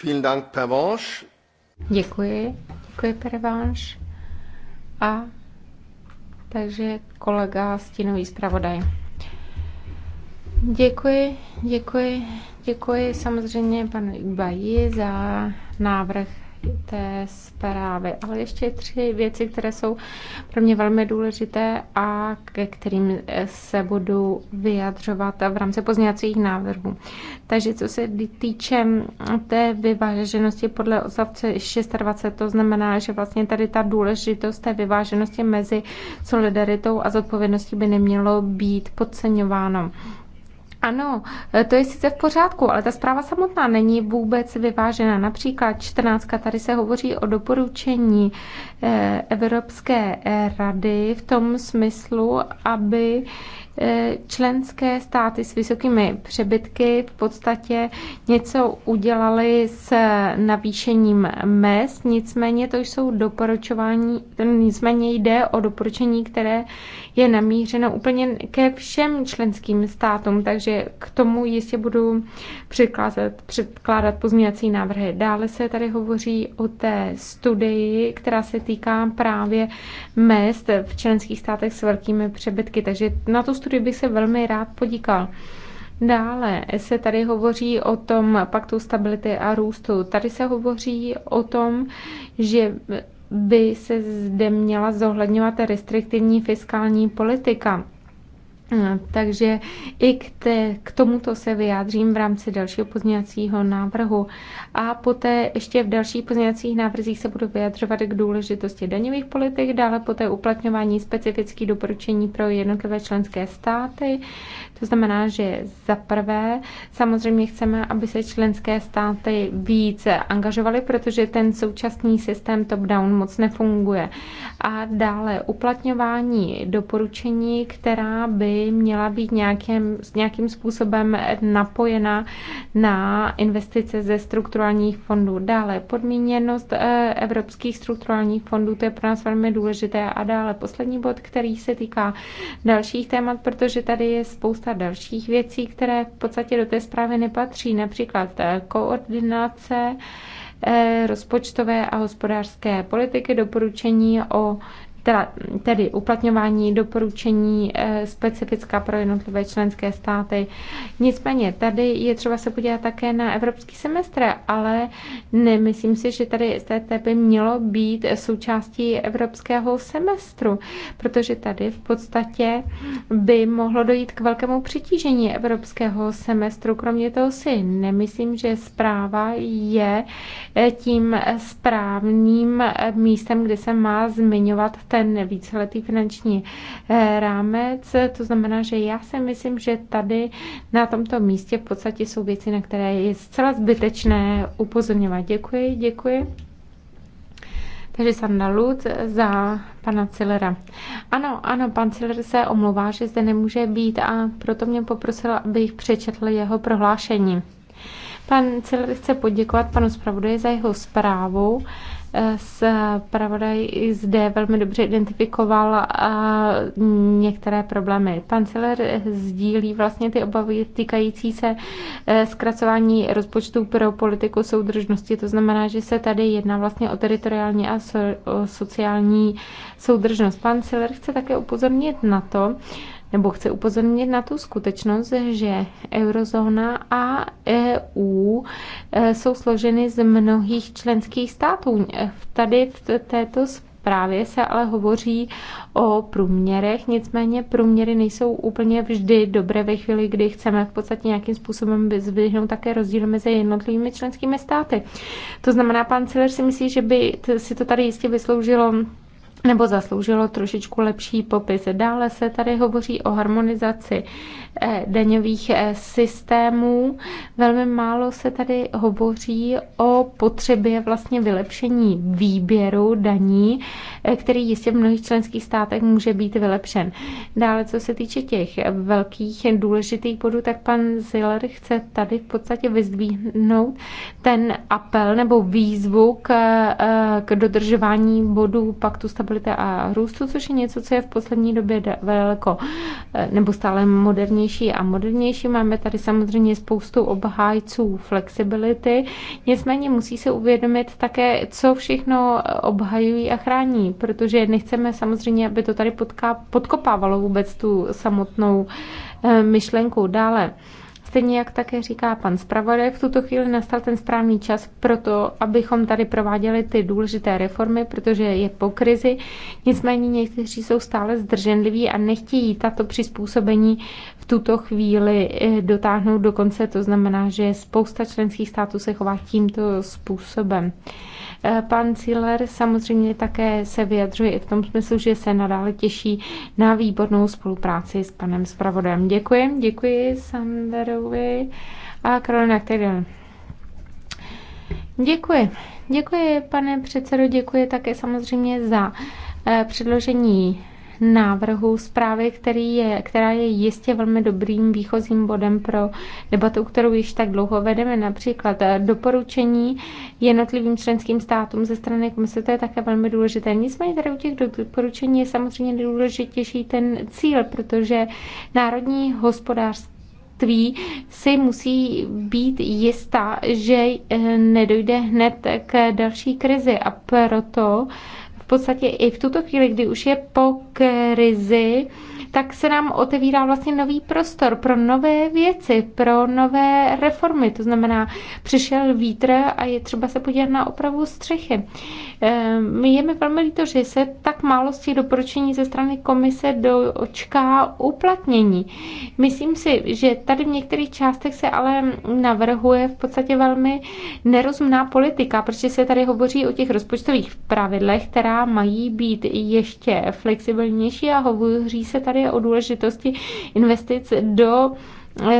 Vielen Dank, Pervanche. Děkuji, děkuji, Pervanche. A takže kolega Stínový zpravodaj. Děkuji, děkuji, děkuji samozřejmě panu Ibaji za návrh té zprávy. Ale ještě tři věci, které jsou pro mě velmi důležité a ke kterým se budu vyjadřovat v rámci pozněcích návrhů. Takže co se týče té vyváženosti podle odstavce 26, to znamená, že vlastně tady ta důležitost té vyváženosti mezi solidaritou a zodpovědností by nemělo být podceňováno. Ano, to je sice v pořádku, ale ta zpráva samotná není vůbec vyvážená. Například 14. tady se hovoří o doporučení eh, Evropské rady v tom smyslu, aby Eh, členské státy s vysokými přebytky v podstatě něco udělali s navýšením mest, nicméně to jsou doporučování, nicméně jde o doporučení, které je namířeno úplně ke všem členským státům, takže k tomu jistě budu předkládat, předkládat pozměňovací návrhy. Dále se tady hovoří o té studii, která se týká právě mest v členských státech s velkými přebytky, takže na tu studii bych se velmi rád podíkal. Dále se tady hovoří o tom paktu stability a růstu. Tady se hovoří o tom, že by se zde měla zohledňovat restriktivní fiskální politika. Takže i k, te, k tomuto se vyjádřím v rámci dalšího pozměňovacího návrhu. A poté ještě v dalších pozměňovacích návrzích se budu vyjadřovat k důležitosti daňových politik, dále poté uplatňování specifických doporučení pro jednotlivé členské státy, to znamená, že za prvé samozřejmě chceme, aby se členské státy více angažovaly, protože ten současný systém top-down moc nefunguje. A dále uplatňování doporučení, která by měla být nějakým, nějakým způsobem napojena na investice ze strukturálních fondů. Dále podmíněnost eh, evropských strukturálních fondů, to je pro nás velmi důležité. A dále poslední bod, který se týká dalších témat, protože tady je spousta spousta dalších věcí, které v podstatě do té zprávy nepatří, například eh, koordinace eh, rozpočtové a hospodářské politiky, doporučení o teda, tedy uplatňování doporučení eh, specifická pro jednotlivé členské státy. Nicméně tady je třeba se podívat také na evropský semestr, ale nemyslím si, že tady STT by mělo být součástí evropského semestru, protože tady v podstatě by mohlo dojít k velkému přitížení evropského semestru. Kromě toho si nemyslím, že zpráva je eh, tím správným eh, místem, kde se má zmiňovat ten víceletý finanční eh, rámec. To znamená, že já si myslím, že tady na tomto místě v podstatě jsou věci, na které je zcela zbytečné upozorňovat. Děkuji, děkuji. Takže Sanda Lutz za pana Cillera. Ano, ano, pan Ciller se omluvá, že zde nemůže být a proto mě poprosila, abych přečetl jeho prohlášení. Pan Ciller chce poděkovat panu zpravodaji za jeho zprávu s zpravodaj zde velmi dobře identifikoval některé problémy. Pan Seller sdílí vlastně ty obavy týkající se e, zkracování rozpočtu pro politiku soudržnosti. To znamená, že se tady jedná vlastně o teritoriální a sociální soudržnost. Pan Seller chce také upozornit na to, nebo chce upozornit na tu skutečnost, že eurozóna a EU e, jsou složeny z mnohých členských států. E, tady v této Právě se ale hovoří o průměrech, nicméně průměry nejsou úplně vždy dobré ve chvíli, kdy chceme v podstatě nějakým způsobem vyzvihnout také rozdíl mezi jednotlivými členskými státy. To znamená, pan Ciller si myslí, že by si to tady jistě vysloužilo nebo zasloužilo trošičku lepší popis. Dále se tady hovoří o harmonizaci Eh, daňových eh, systémů. Velmi málo se tady hovoří o potřebě vlastně vylepšení výběru daní, eh, který jistě v mnohých členských státech může být vylepšen. Dále, co se týče těch velkých důležitých bodů, tak pan Ziller chce tady v podstatě vyzdvihnout ten apel nebo výzvu k, k dodržování bodů Paktu stability a růstu, což je něco, co je v poslední době daleko nebo stále moderní modernější a modernější. Máme tady samozřejmě spoustu obhájců flexibility, nicméně musí se uvědomit také, co všechno obhajují a chrání, protože nechceme samozřejmě, aby to tady podká, podkopávalo vůbec tu samotnou eh, myšlenku. Dále, Stejně jak také říká pan zpravodaj, v tuto chvíli nastal ten správný čas pro to, abychom tady prováděli ty důležité reformy, protože je po krizi. Nicméně někteří jsou stále zdrženliví a nechtějí tato přizpůsobení v tuto chvíli eh, dotáhnout do konce. To znamená, že spousta členských států se chová tímto způsobem. Eh, pan Ziller samozřejmě také se vyjadřuje i v tom smyslu, že se nadále těší na výbornou spolupráci s panem Spravodem. Děkuji, děkuji Sanderovi a Karolina Kterin. Děkuji. Děkuji, pane předsedo, děkuji také samozřejmě za eh, předložení návrhu zprávy, který je, která je jistě velmi dobrým výchozím bodem pro debatu, kterou již tak dlouho vedeme, například eh, doporučení jednotlivým členským státům ze strany komise, to je také velmi důležité. Nicméně tady u těch doporučení je samozřejmě důležitější ten cíl, protože národní hospodářství si musí být jistá, že eh, nedojde hned k další krizi a proto v podstatě i v tuto chvíli, kdy už je po krizi, tak se nám otevírá vlastně nový prostor pro nové věci, pro nové reformy. To znamená, přišel vítr a je třeba se podívat na opravu střechy. Ehm, je mi velmi líto, že se tak málo z těch doporučení ze strany komise dočká uplatnění. Myslím si, že tady v některých částech se ale navrhuje v podstatě velmi nerozumná politika, protože se tady hovoří o těch rozpočtových pravidlech, která mají být ještě flexibilnější a hovoří se tady o důležitosti investic do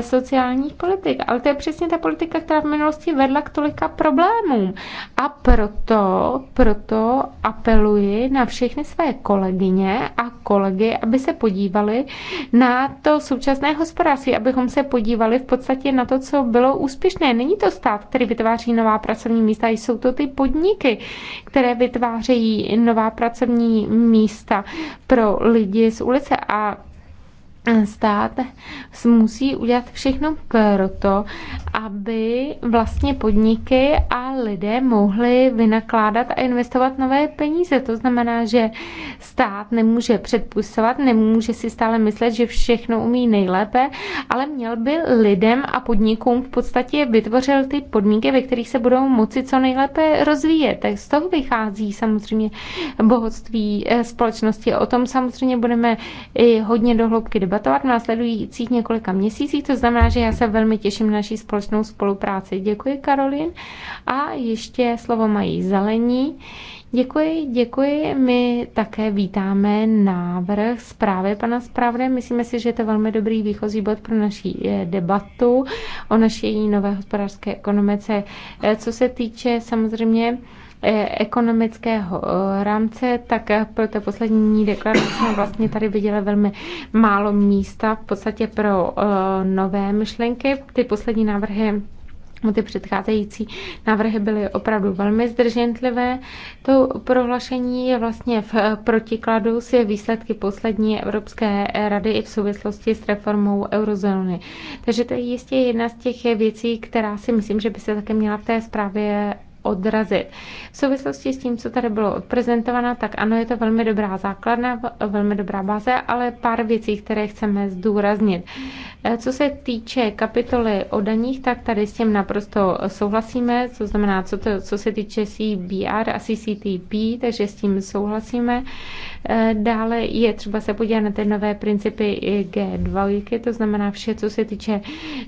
sociálních politik. Ale to je přesně ta politika, která v minulosti vedla k tolika problémům. A proto, proto apeluji na všechny své kolegyně a kolegy, aby se podívali na to současné hospodářství, abychom se podívali v podstatě na to, co bylo úspěšné. Není to stát, který vytváří nová pracovní místa, jsou to ty podniky, které vytvářejí nová pracovní místa pro lidi z ulice a stát musí udělat všechno proto, aby vlastně podniky a lidé mohli vynakládat a investovat nové peníze. To znamená, že stát nemůže předpisovat, nemůže si stále myslet, že všechno umí nejlépe, ale měl by lidem a podnikům v podstatě vytvořil ty podmínky, ve kterých se budou moci co nejlépe rozvíjet. Tak z toho vychází samozřejmě bohatství eh, společnosti. O tom samozřejmě budeme i hodně dohloubky debatovat debatovat v následujících několika měsících, to znamená, že já se velmi těším na naší společnou spolupráci. Děkuji, Karolin. A ještě slovo mají zelení. Děkuji, děkuji. My také vítáme návrh zprávy pana zprávy. Myslíme si, že je to velmi dobrý výchozí bod pro naší eh, debatu o naší nové hospodářské ekonomice. Eh, co se týče samozřejmě Eh, ekonomického eh, rámce, tak eh, pro té poslední deklaraci jsme vlastně tady viděli velmi málo místa v podstatě pro nové myšlenky. Ty poslední návrhy ty předcházející návrhy byly opravdu velmi zdrženlivé. To prohlašení je vlastně v protikladu s výsledky poslední Evropské rady i v souvislosti s reformou eurozóny. Takže to je jistě jedna z těch věcí, která si myslím, že by se také měla v té zprávě odrazit. V souvislosti s tím, co tady bylo odprezentováno, tak ano, je to velmi dobrá základna, velmi dobrá báze, ale pár věcí, které chceme zdůraznit. Eh, co se týče kapitoly o daních, tak tady s tím naprosto souhlasíme, co znamená, co, to, co se týče CBR a CCTP, takže s tím souhlasíme. Eh, dále je třeba se podívat na ty nové principy G2, to znamená vše, co se týče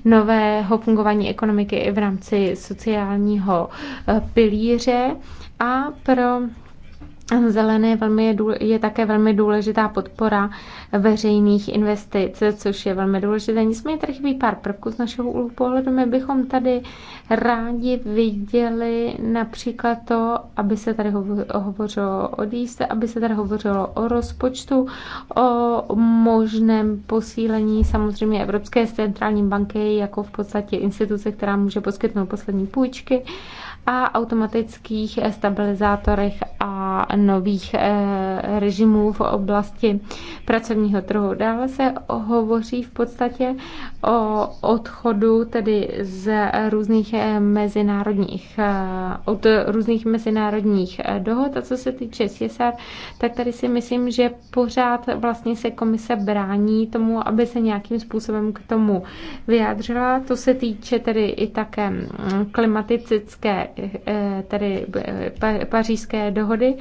nového fungování ekonomiky i v rámci sociálního eh, pilíře a pro Zelené velmi je, je také velmi důležitá podpora veřejných investic, což je velmi důležité. Nicméně tady chybí pár prvků z našeho úhlu pohledu. My bychom tady rádi viděli například to, aby se tady hovořilo o dýste, aby se tady hovořilo o rozpočtu, o možném posílení samozřejmě Evropské centrální banky jako v podstatě instituce, která může poskytnout poslední půjčky a automatických stabilizátorech a nových eh, režimů v oblasti pracovního trhu. Dále se hovoří v podstatě o odchodu tedy z různých eh, mezinárodních, eh, od různých mezinárodních dohod. A co se týče CSR, tak tady si myslím, že pořád vlastně se komise brání tomu, aby se nějakým způsobem k tomu vyjádřila. To se týče tedy i také mm, klimatické Eh, tedy eh, pařížské dohody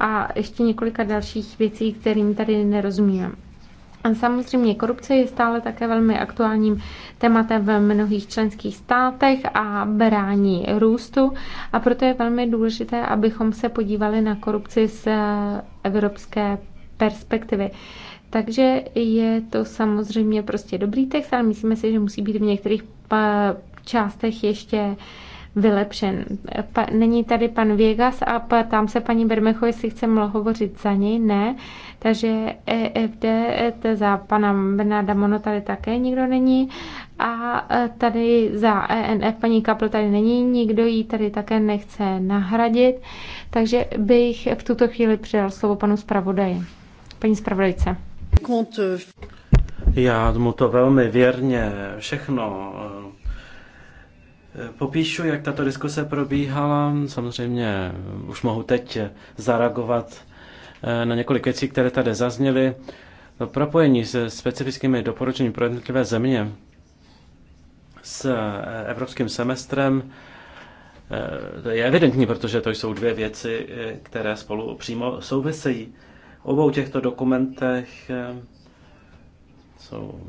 a ještě několika dalších věcí, kterým tady nerozumíme. A samozřejmě korupce je stále také velmi aktuálním tématem v mnohých členských státech a brání růstu. A proto je velmi důležité, abychom se podívali na korupci z evropské perspektivy. Takže je to samozřejmě prostě dobrý text, ale myslíme si, že musí být v některých eh, částech ještě vylepšen. Pa, není tady pan Vegas a tam se paní Bermecho, jestli chce hovořit za něj, ne. Takže EFD za pana Bernarda Mono tady také nikdo není. A e, tady za ENF paní Kapl tady není, nikdo ji tady také nechce nahradit. Takže bych v tuto chvíli předal slovo panu zpravodaji. Paní zpravodajce. Já mu to velmi věrně všechno e, popíšu, jak tato diskuse probíhala. Samozřejmě eh, už mohu teď eh, zareagovat eh, na několik věcí, které tady zazněly. To propojení se specifickými doporučeními pro jednotlivé země s evropským semestrem to je evidentní, protože to jsou dvě věci, které spolu přímo souvisejí. V obou těchto dokumentech jsou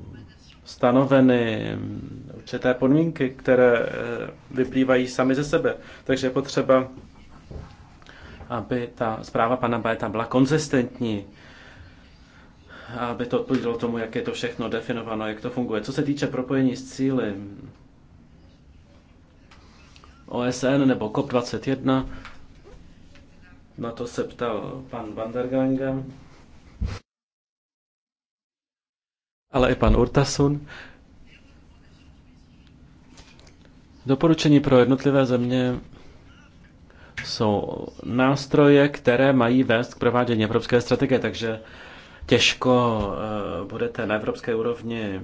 stanoveny určité podmínky, které eh, vyplývají sami ze sebe. Takže je potřeba, aby ta zpráva pana Baeta byla konzistentní, aby to odpovídalo tomu, jak je to všechno definováno, jak to funguje. Co se týče propojení s cíly OSN nebo COP21, na to se ptal pan Vandergangem, ale i pan Urtasun. Doporučení pro jednotlivé země jsou nástroje, které mají vést k provádění evropské strategie, takže těžko eh, budete na evropské úrovni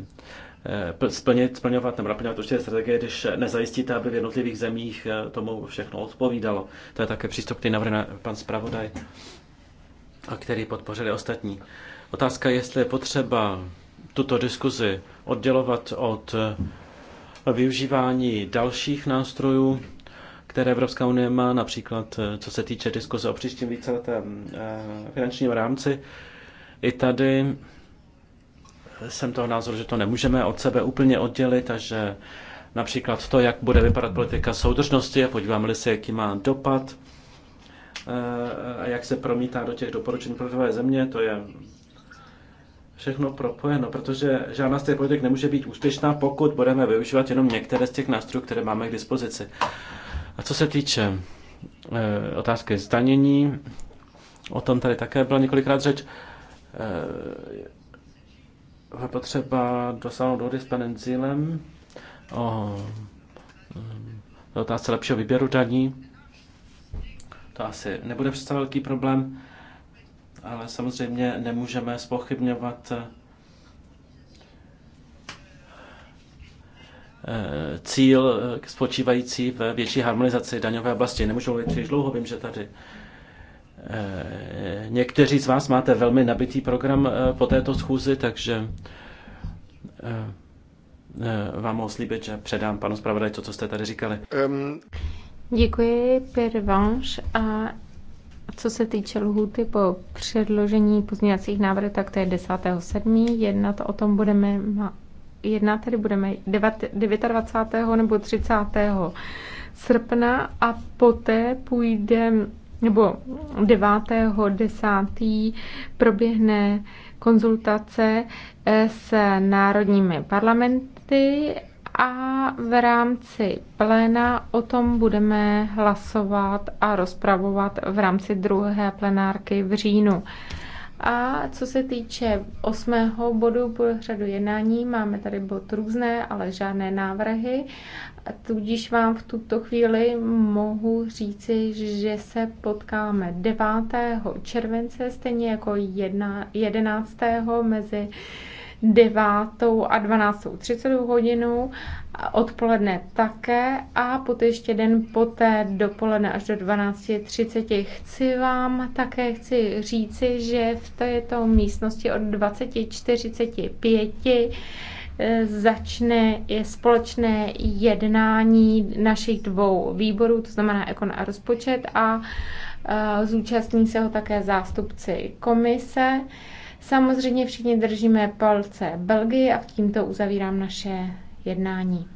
eh, splnit, splňovat nebo naplňovat určité strategie, když nezajistíte, aby v jednotlivých zemích eh, tomu všechno odpovídalo. To je také přístup, který navrhne pan zpravodaj a který podpořili ostatní. Otázka, jestli je potřeba tuto diskuzi oddělovat od využívání dalších nástrojů, které Evropská unie má, například eh, co se týče diskuse o příštím víceletém eh, finančním rámci. I tady jsem toho názoru, že to nemůžeme od sebe úplně oddělit takže například to, jak bude vypadat politika soudržnosti a podíváme-li se, jaký má dopad eh, a jak se promítá do těch doporučení pro země, to je všechno propojeno, protože žádná z těch politik nemůže být úspěšná, pokud budeme využívat jenom některé z těch nástrojů, které máme k dispozici. A co se týče e, otázky zdanění, o tom tady také byla několikrát řeč, e, potřeba dosáhnout dohody s panem Zílem o e, otázce lepšího výběru daní. To asi nebude přece velký problém ale samozřejmě nemůžeme spochybňovat eh, cíl eh, spočívající ve větší harmonizaci daňové oblasti. Nemůžu mluvit příliš dlouho, vím, že tady eh, někteří z vás máte velmi nabitý program po této schůzi, takže vám mohu slíbit, že předám panu zpravodaj to, co jste tady říkali. Um. Děkuji, Pervanš. A a Co se týče lhuty po předložení pozměňovacích návrhů, tak to je 10.7. Jednat o tom budeme no, jednat tedy budeme 29. nebo 30. srpna a poté půjde, nebo 9. 10. proběhne konzultace eh, s národními parlamenty a v rámci pléna o tom budeme hlasovat a rozpravovat v rámci druhé plenárky v říjnu. A co se týče osmého bodu pořadu jednání, máme tady bod různé, ale žádné návrhy. Tudíž vám v tuto chvíli mohu říci, že se potkáme 9. července, stejně jako 11. mezi 9. a 12.30 hodinu, odpoledne také a poté ještě den poté dopoledne až do 12.30. Chci vám také chci říci, že v této místnosti od 20.45 eh, začne je společné jednání našich dvou výborů, to znamená ekon a rozpočet a eh, zúčastní se ho také zástupci komise. Samozřejmě všichni držíme palce Belgii a tímto uzavírám naše jednání.